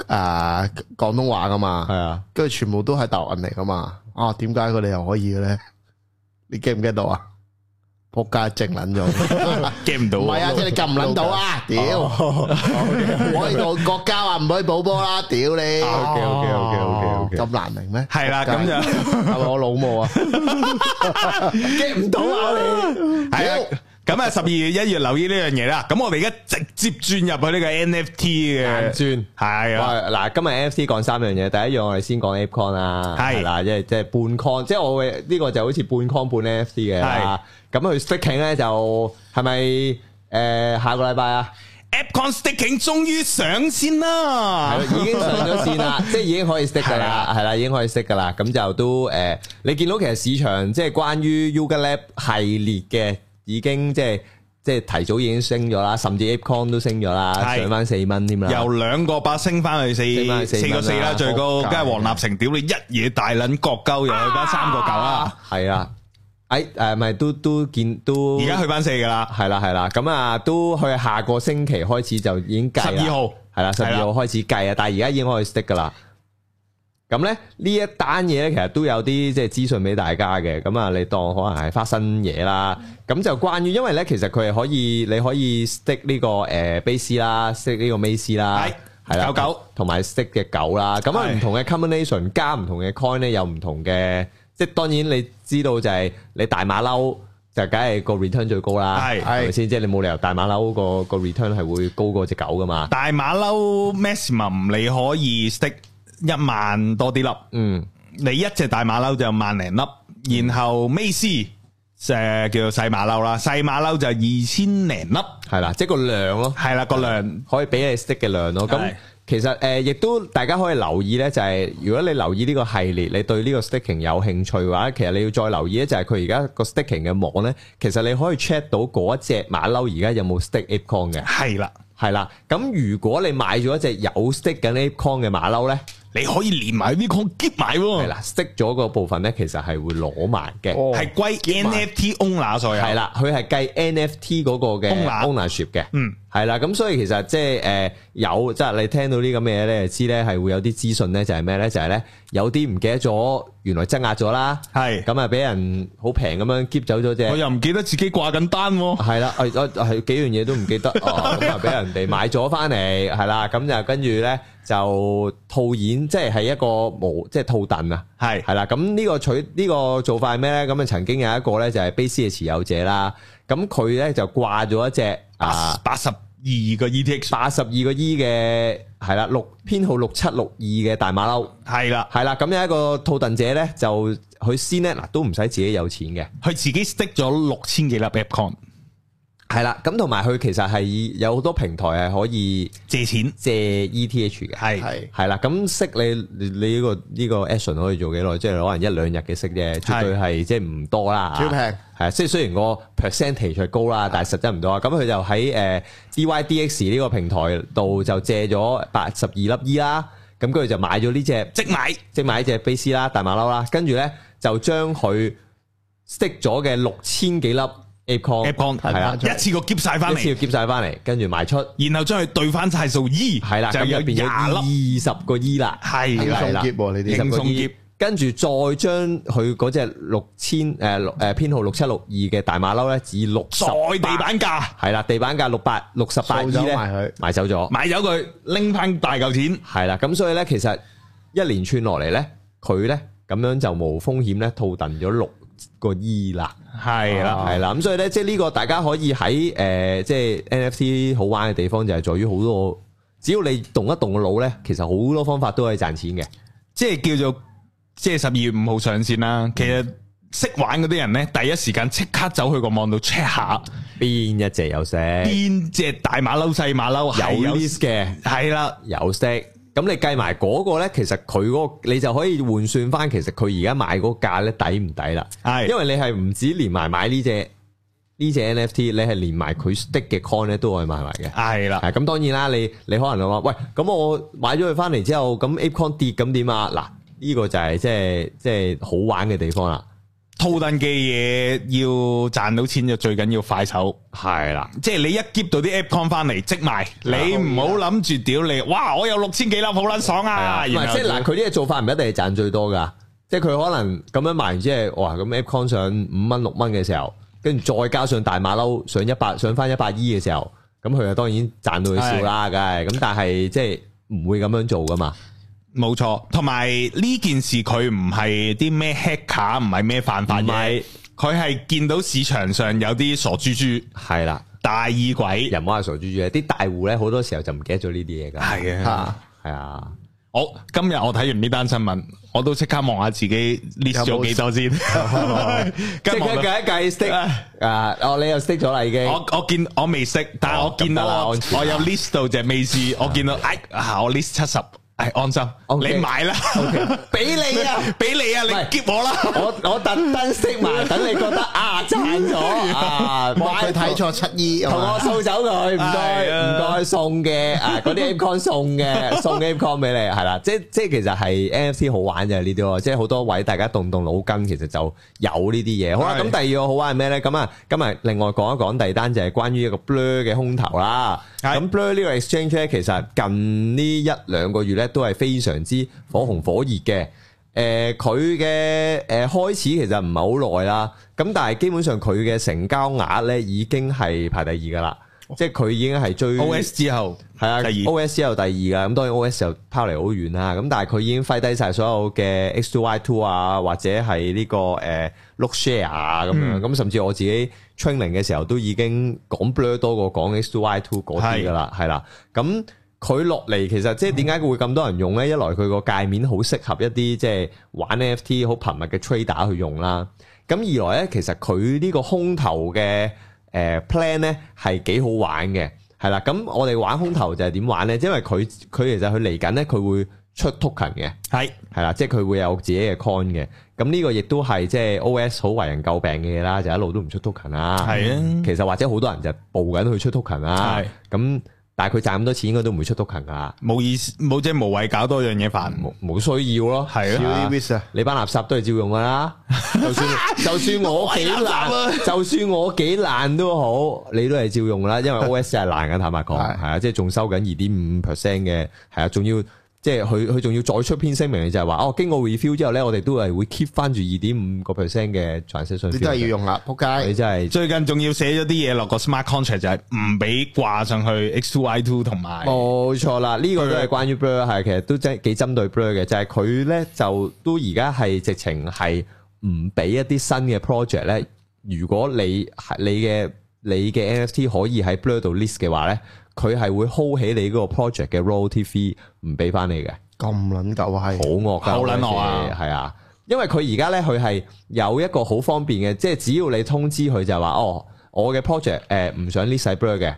廣東話噶嘛，係啊，跟住全部都係大陸人嚟噶嘛，哦，點解佢哋又可以嘅咧？你 get 唔 get 到啊？撲街正撚咗，get 唔到啊！唔係啊，即係你撳唔撚到啊？屌，唔可以做國家啊，唔可以保波啦，屌你！OK OK OK OK OK，咁難明咩？係啦，咁樣係咪我老母啊？get 唔到啊你，係。咁啊！十二月一月留意呢樣嘢啦。咁我哋而家直接轉入去呢個 NFT 嘅，轉係啊。嗱，今日 NFT 講三樣嘢，第一樣我哋先講 ApeCoin 啦，係啦，即係即係半 Coin，即係我會呢個就好似半 Coin 半 NFT 嘅。係咁去 Staking 咧，就係咪誒下個禮拜啊？ApeCoin Staking 終於上線啦，已經上咗線啦，即係已經可以 Stake 噶啦，係啦，已經可以 Stake 噶啦。咁就都誒，你見到其實市場即係關於 Yuga Lab 系列嘅，已經即係即係提早已經升咗啦，甚至 ApeCoin 都升咗啦，上翻四蚊添啦。由兩個八升翻去四，四個四啦，最高。梗係黃立成屌你一嘢大撚割鳩又去翻三個九啦。係啦，誒誒，咪都都見都。而家去翻四㗎啦。係啦係啦，咁啊都去下個星期開始就已經計啦。十二號係啦，十二號開始計啊，但係而家已經可以 stake 㗎啦。咁咧呢一單嘢咧，其實都有啲即係資訊俾大家嘅。咁啊，你當可能係發生嘢啦。咁就關於，因為咧，其實佢係可以，你可以 stick 呢個誒 base 啦，stick 呢個 base 啦，係係啦，狗同埋 stick 嘅狗啦。咁啊，唔同嘅 combination 加唔同嘅 coin 咧，有唔同嘅。即係當然你知道就係你大馬騮就梗係個 return 最高啦，係係咪先？即係你冇理由大馬騮個個 return 係會高過隻狗㗎嘛？大馬騮 maximum 你可以 stick。一萬多啲粒，嗯，你一隻大馬騮就萬零粒，然後 MAYC 誒叫做細馬騮啦，細馬騮就二千零粒，係啦，即係個量咯，係啦，個量可以俾你 stick 嘅量咯。咁其實誒，亦都大家可以留意咧，就係如果你留意呢個系列，你對呢個 staking 有興趣嘅話，其實你要再留意咧，就係佢而家個 staking 嘅網咧，其實你可以 check 到嗰一隻馬騮而家有冇 stick icon 嘅，係啦，係啦。咁如果你買咗一隻有 stick 緊 icon 嘅馬騮咧？你可以連埋啲框 keep 埋喎，係啦，識咗個部分咧，其實係會攞埋嘅，係歸 NFT ownership，係啦，佢係計 NFT 嗰個嘅 ownership 嘅，嗯，係啦，咁所以其實即係誒有，即係你聽到呢咁嘅嘢咧，知咧係會有啲資訊咧，就係咩咧？就係咧有啲唔記得咗，原來質押咗啦，係咁啊，俾人好平咁樣 keep 走咗啫，我又唔記得自己掛緊單喎，係啦，我我係幾樣嘢都唔記得，咁啊俾人哋買咗翻嚟，係啦，咁就跟住咧。就套現即係係一個模，即係套盾啊，係係啦。咁呢、呢個取呢、呢個做法係咩咧？咁啊曾經有一個咧就係貝斯嘅持有者啦。咁佢咧就掛咗一隻八八十二個 ETH，八十二個 E 嘅係啦，六編號六七六二嘅大馬騮，係啦係啦。咁有一個套盾者咧，就佢先咧，嗱都唔使自己有錢嘅，佢自己 stick 咗六千幾粒 Bitcoin 係啦，咁同埋佢其實係有好多平台係可以借錢借 ETH 嘅，係係係啦。咁息你你呢個呢個 action 可以做幾耐？即係可能一兩日嘅息啫，絕對係即係唔多啦。超平係啊，即係雖然個 percentage 係高啦，但係實質唔多啊。咁佢就喺誒 DYDX 呢個平台度就借咗八十二粒 E 啦，咁跟住就買咗呢隻即買，即買呢隻 basis 啦，大馬騮啦，跟住咧就將佢息咗嘅六千幾粒。A 係啦，一次過接晒翻嚟，一次接晒翻嚟，跟住賣出，然後將佢兌翻晒數 E，係啦，就變咗二十個 E 啦，係啦，連送啲二，跟住再將佢嗰隻六千誒誒編號六七六二嘅大馬騮咧，以六再地板價，係啦，地板價六百六十八 E 咧，賣走咗，買走佢拎翻大嚿錢，係啦，咁所以咧，其實一連串落嚟咧，佢咧咁樣就無風險咧套戥咗六個 E 啦。係啦，係啦，咁、啊、所以咧，即係呢個大家可以喺誒、呃，即係 NFT 好玩嘅地方就係在於好多，只要你動一動個腦咧，其實好多方法都可以賺錢嘅。即係叫做，即係十二月五號上線啦。其實識玩嗰啲人咧，第一時間即刻走去個網度 check 下，邊一隻有識，邊隻大馬騮細馬騮有呢嘅，係啦，有識。咁你計埋嗰個咧，其實佢嗰個你就可以換算翻，其實佢而家買嗰個價咧，抵唔抵啦？係，因為你係唔止連埋買呢隻呢隻 NFT，你係連埋佢的嘅 coin 咧都可以買埋嘅。係啦，咁當然啦，你你可能就話喂，咁我買咗佢翻嚟之後，咁 ApeCoin 跌咁點啊？嗱，呢個就係即係即係好玩嘅地方啦。套戥嘅嘢要賺到錢就最緊要快手，係啦的，即係你一 keep 到啲 ApeCoin 翻嚟即賣，你唔好諗住屌你，哇！我有六千幾粒好撚爽啊！的後即係嗱，佢啲嘢做法唔一定係賺最多噶，即係佢可能咁樣賣完之後，哇！咁 ApeCoin 上五蚊六蚊嘅時候，跟住再加上大馬騮上一百上翻一百二嘅時候，咁佢啊當然賺到佢少啦梗係，咁的但係即係唔會咁樣做噶嘛。冇錯，同埋呢件事佢唔係啲咩黑客，唔係咩犯法嘢，佢係見到市場上有啲傻豬豬，係啦，大耳鬼，人冇係傻豬豬，啲大戶咧好多時候就唔記得咗呢啲嘢噶，係啊，係啊，我今日我睇完呢單新聞，我都即刻望下自己 list 咗幾多先，即刻計一計 stop 啊，哦，你又 stop 咗啦已經，我我見我未 stop，但係我見到我我有 list 到就未止，我見到，我 list 七十。係安心，你買啦，俾你啊，俾你啊，你接我啦，我我特登識埋，等你覺得啊賺咗啊，我睇錯七二，同我掃走佢，唔該唔該，送嘅啊，嗰啲 Ape Coin 送嘅，送 Ape Coin 俾你，係啦，即即係其實係 NFT 好玩就係呢啲咯，即係好多位大家動動腦筋，其實就有呢啲嘢。好啦，咁第二個好玩係咩咧？咁啊，咁啊，另外講一講，第二單就係關於一個 Blur 嘅空投啦。咁 Blur 呢個 exchange 咧，其實近呢一兩個月咧都係非常之火紅火熱嘅。誒，佢嘅誒開始其實唔係好耐啦。咁但係基本上佢嘅成交額咧已經係排第二噶啦，即係佢已經係最 OS 之後，係啊，OS 之後第二噶。咁當然 OS 又拋離好遠啦。咁但係佢已經揮低曬所有嘅 X2Y2 啊，或者係呢個誒 LooksRare 啊咁樣。咁甚至我自己，training 嘅時候都已經講 blur 多過講 x two y two 嗰啲噶啦，係啦是。咁佢落嚟其實即係點解會咁多人用呢？一來佢個界面好適合一啲即係玩 NFT 好頻密嘅 trader 去用啦。咁二來呢，其實佢呢個空投嘅誒 plan 呢係幾好玩嘅，係啦。咁我哋玩空投就係點玩呢？因為佢佢其實佢嚟緊呢，佢會出 token 嘅，係。係啦，即係佢會有自己嘅 coin 嘅，咁呢個亦都係即係 OS 好為人詬病嘅嘢啦，就一路都唔出 token 啊。係啊，其實或者好多人就係抱緊去出 token 啊。係，咁但係佢賺咁多錢，應該都唔會出 token 噶冇意思，冇即係無謂搞多樣嘢煩，冇冇需要咯。係啊，你班垃圾都係照用噶啦。就算就算我幾爛，就算我幾爛都好，你都係照用啦。因為 OS 係爛嘅，坦白講，係啊，即係仲收緊二點五 percent 嘅，係啊，仲要。即係佢佢仲要再出篇聲明就，就係話哦，經過 review 之後咧，我哋都係會 keep 翻住二點五個 percent 嘅賺息水平，你真係要用啦，仆街！你真係最近仲要寫咗啲嘢落個 smart contract，就係唔俾掛上去 X two Y two 同埋。冇錯啦，呢個都係關於 Blur 係，其實都真係幾針對 Blur 嘅，就係佢咧就都而家係直情係唔俾一啲新嘅 project 咧，如果你係你嘅你嘅 NFT 可以喺 Blur 度 list 嘅話咧。佢係會 hold 起你嗰個 project 嘅 roll TV 唔俾翻你嘅，咁捻舊係好惡，好捻惡啊，係啊， 因為佢而家咧佢係有一個好方便嘅，即係只要你通知佢就話哦，我嘅 project 誒、呃、唔想 list Blur 嘅，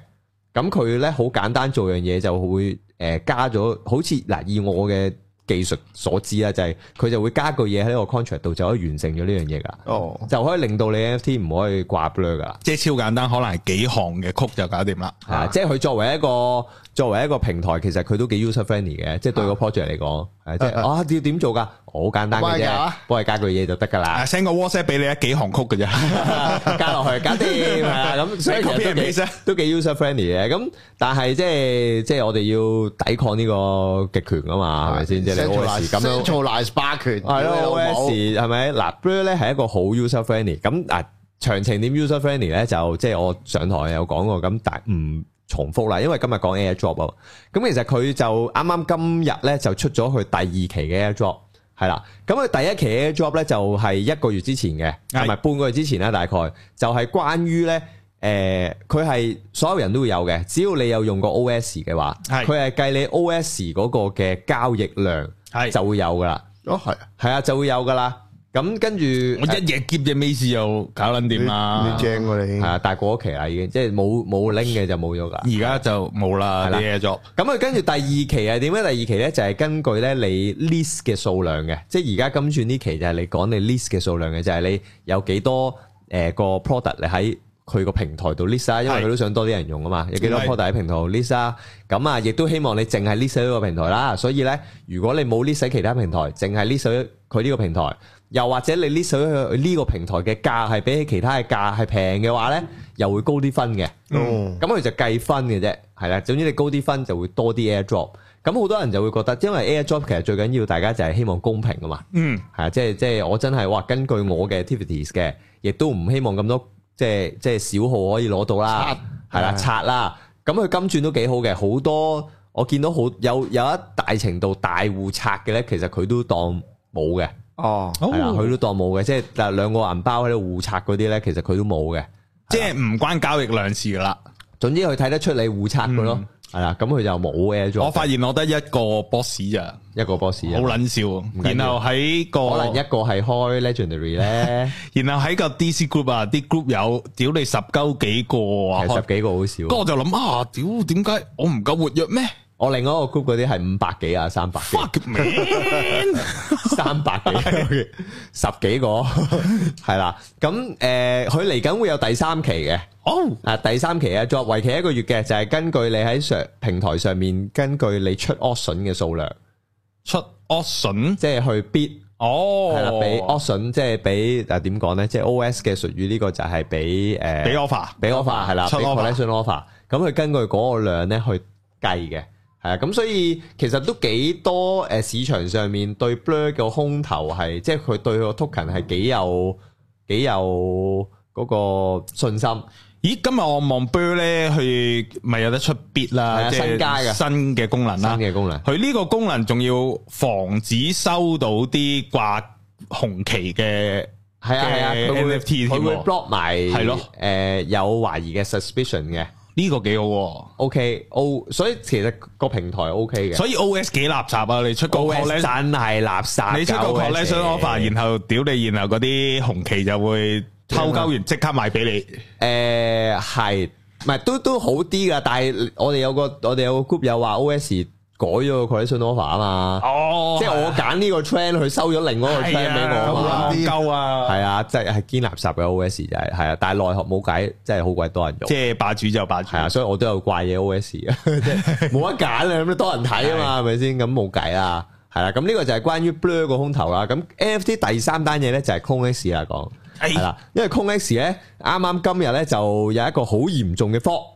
咁佢咧好簡單做樣嘢就會誒加咗，好似嗱以我嘅。技術所知啦，就係、是、佢就會加個嘢喺個 contract 度，就可以完成咗呢樣嘢噶，oh. 就可以令到你 NFT 唔可以掛 blurred 噶。即係超簡單，可能係幾行嘅 code 就搞掂啦。嚇！即係佢作為一個作為一個平台，其實佢都幾 user friendly 嘅，即係的對個 project 嚟講。誒，即係啊，要點做噶？好簡單啫，幫你加句嘢就得噶啦。send 個 WhatsApp 俾你啊，幾行曲嘅啫， 加落去搞掂係啊。咁所以都幾 user friendly 嘅。咁但係即係即係我哋要抵抗呢個極權啊嘛，係咪先？即 係樂 你咁樣錯 e 霸權，係咯，s 係咪嗱？Blur 咧係一個好 user friendly。咁嗱，詳 情點 user friendly 咧，就即係我上台有講過。咁但唔。重複啦，因為今日講 airdrop 喎，咁其實佢就啱啱今日咧就出咗佢第二期嘅 airdrop，係啦，咁佢第一期嘅 airdrop 咧就係一個月之前嘅，係咪半個月之前啦？大概就係關於咧，誒，佢係所有人都會有嘅，只要你有用過 OS 嘅話，係佢係計你 OS 嗰個嘅交易量係就會有噶啦，哦係，係啊就會有噶啦。咁跟住我一日接只咩事又搞捻點啊？你精過你係啊，但係過咗期啦，已經即係冇冇拎嘅，就冇咗噶。而家就冇啦，冇嘢做。咁啊，跟住第二期啊，點咧？第二期咧就係根據咧你 list 嘅數量嘅，即係而家今次呢期就係你講你 list 嘅數量嘅，就係你有幾多誒個 product 你喺佢個平台度 list 啊？因為佢都想多啲人用啊嘛，有幾多 product 喺平台 list 啊？咁啊，亦都希望你淨係 list 喺呢個平台啦。所以咧，如果你冇 list 喺其他平台，淨係 list 喺佢呢個平台。又或者你呢所呢個平台嘅價係比起其他嘅價係平嘅話咧，又會高啲分嘅。嗯，咁佢就計分嘅啫，係啦。總之你高啲分就會多啲 airdrop。咁好多人就會覺得，因為 airdrop 其實最緊要大家就係希望公平啊嘛。嗯，係啊，即係即係我真係話，根據我嘅 activities 嘅，亦都唔希望咁多即係即係小號可以攞到啦。係啦，刷啦。咁佢金鑽都幾好嘅，好多我見到好有有一大程度大戶刷嘅咧，其實佢都當冇嘅。哦，係啊，佢都當冇嘅，即係嗱，兩個銀包喺度互拆嗰啲咧，其實佢都冇嘅，即係唔關交易量事㗎啦。總之佢睇得出你互拆㗎咯，係啦，咁佢就冇嘅咗。我發現我得一個 boss 咋，一個 boss 好撚笑。然後喺個可能一個係開 Legendary 咧，然後喺個 DC group 啊，啲 group 友屌你十鳩幾個啊，十幾個好笑。我就諗啊，屌，點解我唔夠活躍咩？我另外一個 group 嗰啲係五百幾啊， 三百幾，三百幾，十幾個係啦。咁誒，佢嚟緊會有第三期嘅哦，啊、oh. 第三期啊，作為期一個月嘅就係、是、根據你喺上平台上面根據你出 option 嘅數量出 option，即係去 bid 哦、oh.，係啦，俾 option 即係俾誒點講咧，即係 O S 嘅術語呢個就係俾誒俾 offer 俾 offer，係啦，俾 option offer 咁佢根據嗰個量咧去計嘅。誒，咁所以其實都幾多誒，市場上面對 Blur 嘅空投係，即係佢對佢個 token 係幾有幾有嗰個信心。咦，今日我望 Blur 咧，佢咪有得出 bid 啦，即係新嘅新嘅功能啦。新嘅功能，佢呢個功能仲要防止收到啲掛紅旗嘅係啊係啊 NFT，佢會 block 埋係咯，誒，有懷疑嘅 suspicion 嘅。呢個幾好喎，OK，O，所以其實個平台 OK 嘅，所以 OS 幾垃圾啊！你出個 OS 真係垃圾，你出個 collection offer，然後屌你，然後嗰啲紅旗就會偷鳩完即刻賣俾你。誒，係，唔係都都好啲噶，但係我哋有個我哋有個 group 有話 OS。改咗個 collection offer 啊嘛，即係我揀呢個 train 佢收咗另一個 train 俾我啊，唔、嗯、啊，係啊，即係係堅垃圾嘅 OS 就係啊，但係奈何冇計，真係好鬼多人用，即係霸主就霸主。係啊，所以我都有怪嘢 OS 即 啊，冇得揀啊，咁多人睇啊嘛，係咪先？咁冇計啊。係啦，咁呢個就係關於 blur 個空投啦。咁 NFT 第三單嘢咧就係 Clone X、哎、啊，講係啦，因為 Clone X 咧啱啱今日咧就有一個好嚴重嘅 Fud。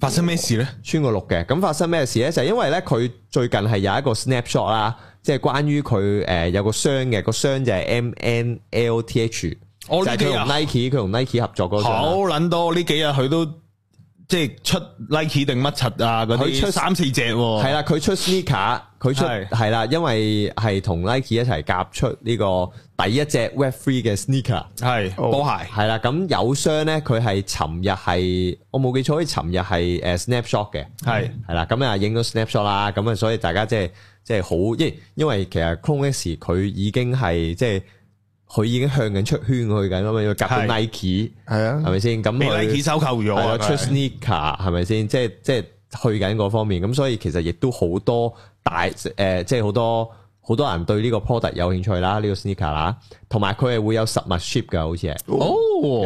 發生咩事咧？穿個綠嘅，咁發生咩事咧？就是、因為咧，佢最近係有一個 snapshot 啦，即係關於佢誒有個箱嘅，個箱就係 M N L T H，、哦、就係佢同 Nike 佢同、啊、Nike 合作嗰個。好捻多呢幾日佢都。即係出 Nike 定乜柒啊？啲佢出三四隻喎。係啦的，佢出 sneaker，佢出係啦，因為係同 Nike 一齊夾出呢個第一隻 Web3 嘅 sneaker。係波鞋。係啦，咁有雙咧，佢係尋日係，我冇記錯，尋日係誒 snapshot 嘅。係係啦，咁啊影到 snapshot 啦，咁啊，所以大家即係即係好，因因為其實 Clone X 佢已經係即係。即係佢已經向緊出圈去緊，咁啊夾到 Nike，係啊，係咪先？咁 Nike 收購咗出 sneaker，係咪先？即係即係去緊個方面。咁所以其實亦都好多大誒、呃，即係好多好多人對呢個 product 有興趣啦，呢個 sneaker 啦，同埋佢係會有實物 ship 嘅，好似係，哦、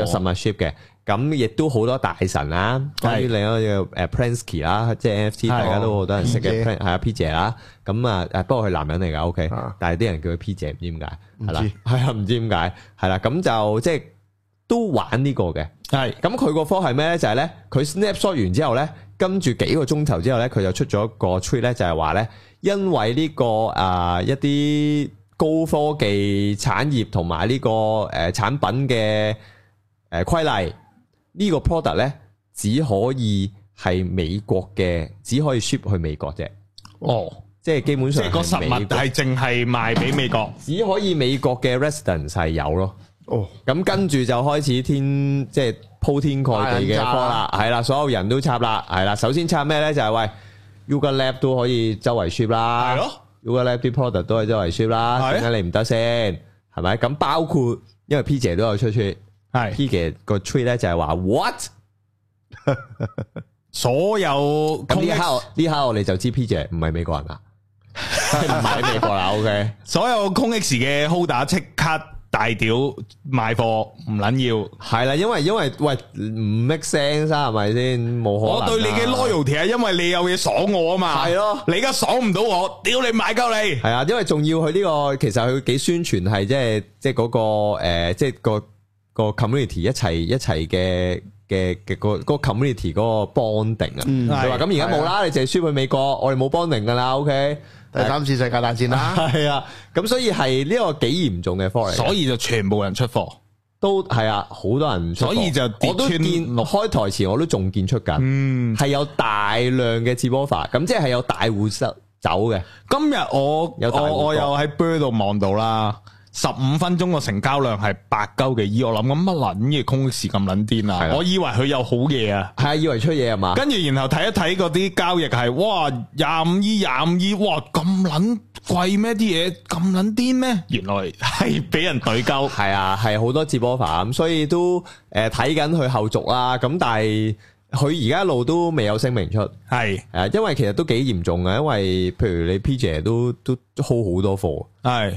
有實物 ship 嘅。咁亦都好多大神啦，關於另一個叫誒 Pranksy 啦，即係 NFT，大家都好多人識嘅，係啊 P 姐啦。咁啊，不過佢男人嚟噶，OK，但係啲人叫佢 P 姐，唔知點解，唔知係啊，唔知點解，係啦。咁就即係都玩呢個嘅，係咁佢個科係咩咧？就係咧，佢 Snapshot 完之後咧，跟住幾個鐘頭之後咧，佢就出咗一個 tweet 咧，就係話咧，因為呢個啊一啲高科技產業同埋呢個誒產品嘅誒規例。呢個 product 咧只可以係美國嘅，只可以 ship 去美國啫。哦，即係基本上即係個實物係淨係賣俾美國，只可以美國嘅 resident 係有咯。哦，咁跟住就開始天即係鋪天蓋地嘅啦，係啦，所有人都插啦，係啦。首先插咩咧？就係喂，Yuga Lab 都可以周圍 ship 啦，Yuga Lab 啲 product 都係周圍 ship 啦。點解你唔得先？係咪？咁包括因為 P 姐都有出處。係 PJ 個 tweet 咧就係話 what，所有呢下呢下我哋就知 PJ 唔係美國人啦，即係唔係美國人啦，OK。所有 Clone X 嘅 hold 打即刻大屌賣貨唔捻要，係啦，因為因為喂唔 makesense 啦係咪先？冇可能。我對你嘅 loyalty 係因為你有嘢爽我啊嘛，係咯，你而家爽唔到我，屌你買鳩你。係啊，因為仲要佢呢個其實佢幾宣傳，係即係即係嗰個誒即係個。Community 那個 community 一齊一齊嘅嘅嘅個個 community 嗰個 bonding 啊、嗯，佢話咁而家冇啦，你就輸去美國，我哋冇 bonding 噶啦，OK 第三次世界大戰啦，係啊，咁所以係呢個幾嚴重嘅科嚟，所以就全部人出貨，都係啊，好多人出貨所以就我都見開台前我都仲見出緊，係、嗯、有大量嘅接波法，咁即係有大戶室走嘅。今日我，我，我，我有我又喺 Blur 度望到啦。十五分鐘個成交量係八鳩嘅二，以我諗咁乜卵嘢空市咁卵癲啊！的我以為佢有好嘢啊，係啊，以為出嘢呀嘛？跟住然後睇一睇嗰啲交易係，哇廿五二廿五二，25 2, 25 2, 哇咁卵貴咩？啲嘢咁卵癲咩？原來係俾人對鳩，係啊，係好多接波反，所以都誒睇緊佢後續啦、啊。咁但係佢而家一路都未有聲明出，係誒的，因為其實都幾嚴重嘅。因為譬如你 Peter 都都,都好好多貨，係。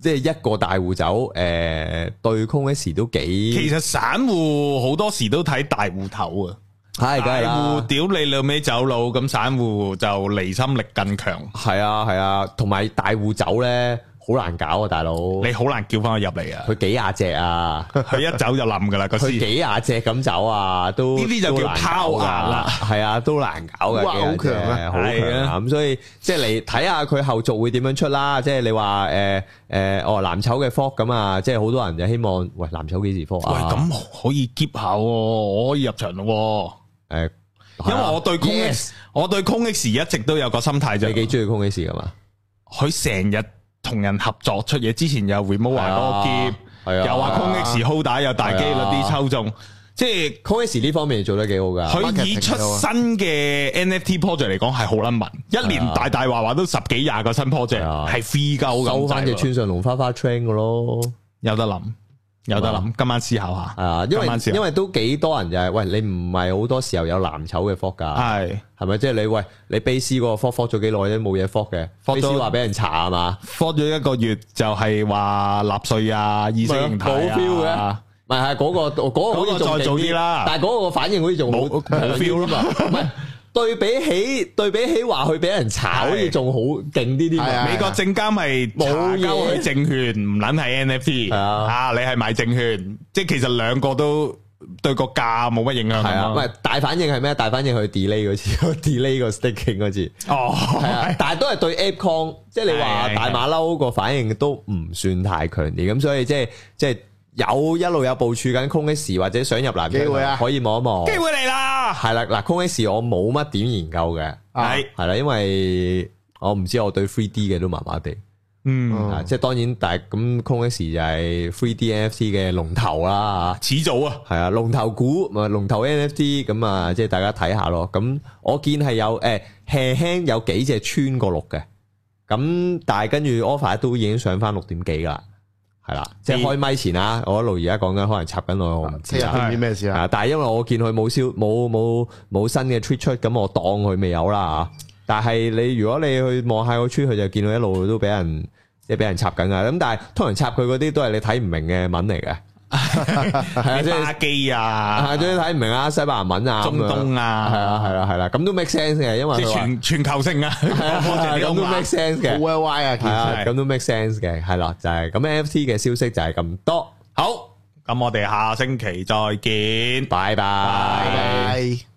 即係一個大戶走，誒、呃，對空一時都幾。其實散戶好多時都睇大戶頭、哎、啊，係，梗係啦。大戶屌你老尾走佬，咁散戶就離心力更強。係啊，係啊，同埋大戶走咧。好難搞啊，大佬！你好難叫翻佢入嚟啊！佢幾廿隻啊！佢一走就冧噶啦，佢幾廿隻咁走啊！都呢啲就叫拋啊！係啊，都難搞嘅。哇，好強啊！好強啊！咁所以即係你睇下佢後續會點樣出啦。即係你話誒誒，哦藍籌嘅科咁啊！即係好多人就希望喂藍籌幾時科啊？喂，咁可以 keep 下，我可以入場咯。誒，因為我對空，我對 Clone X 一直都有個心態就係你幾中意 Clone X 噶嘛？佢成日。同人合作出嘢之前又 remove 埋嗰個鑊，又話、啊、Coinbase 好打又大機率啲抽中，即係 Coinbase 呢方面做得幾好㗎。佢以出新嘅 NFT project 嚟講係好撚密，啊、一年大大話話都十幾廿個新 project 係、啊、free 鳩咁。收返隻村上隆花花 train 個咯，有得諗。有得諗，今晚思考下。啊，因為因為都幾多人就係喂，你唔係好多時候有藍籌嘅 fall 噶，係係咪？即係你喂，你 bis 個 fall fall 咗幾耐都冇嘢 fall 嘅，bis 話俾人查啊嘛？fall 咗一個月就係話納稅啊，意識形態啊，唔係係嗰個嗰個可以再做啲啦。但係嗰個反應好似仲冇 feel 咯嘛？對比起對比起話佢俾人炒，而仲好勁啲啲。美國證監係查鳩佢證券，唔捻係 NFT。啊，你係買證券，即係其實兩個都對個價冇乜影響。係啊，唔係大反應係咩？大反應佢 delay 嗰次，delay 個 staking 嗰次。哦，係啊，但係都係對 ApeCoin，即係你話大馬騮個反應都唔算太強烈，咁所以即係即係。有一路有部署緊 Clone X 或者想入嚟機會啊，可以望一望。機會嚟啦，係啦嗱，Clone X 我冇乜點研究嘅，係係啦，因為我唔知我對 three D 嘅都麻麻地，嗯，即係當然，但係咁 Clone X 就係 three D NFT 嘅龍頭啦，始祖啊，係啊，龍頭股咪龍頭 NFT 咁啊，即係大家睇下咯。咁我見係有誒輕輕有幾隻穿過六嘅，咁但係跟住 offer 都已經上翻六點幾啦。係啦，即係開麥前啊，我一路而家講緊，可能插緊我，我唔知咩事啊。的但係因為我見佢冇消冇冇冇新嘅 tweet 出，咁我當佢未有啦吓。但係你如果你去望下個 tweet，佢就見到一路都俾人即係俾人插緊啊。咁但係通常插佢嗰啲都係你睇唔明嘅文嚟嘅。係啊，即係機啊，即係睇唔明啊，西班牙文啊，中東啊，係啊，係啦，係啦，咁都 make sense 嘅，因為即係全全球性啊，咁都 make sense 嘅，why 啊，咁都 make sense 嘅，係啦，就係咁，NFT 嘅消息就係咁多，好，咁我哋下星期再見，拜拜。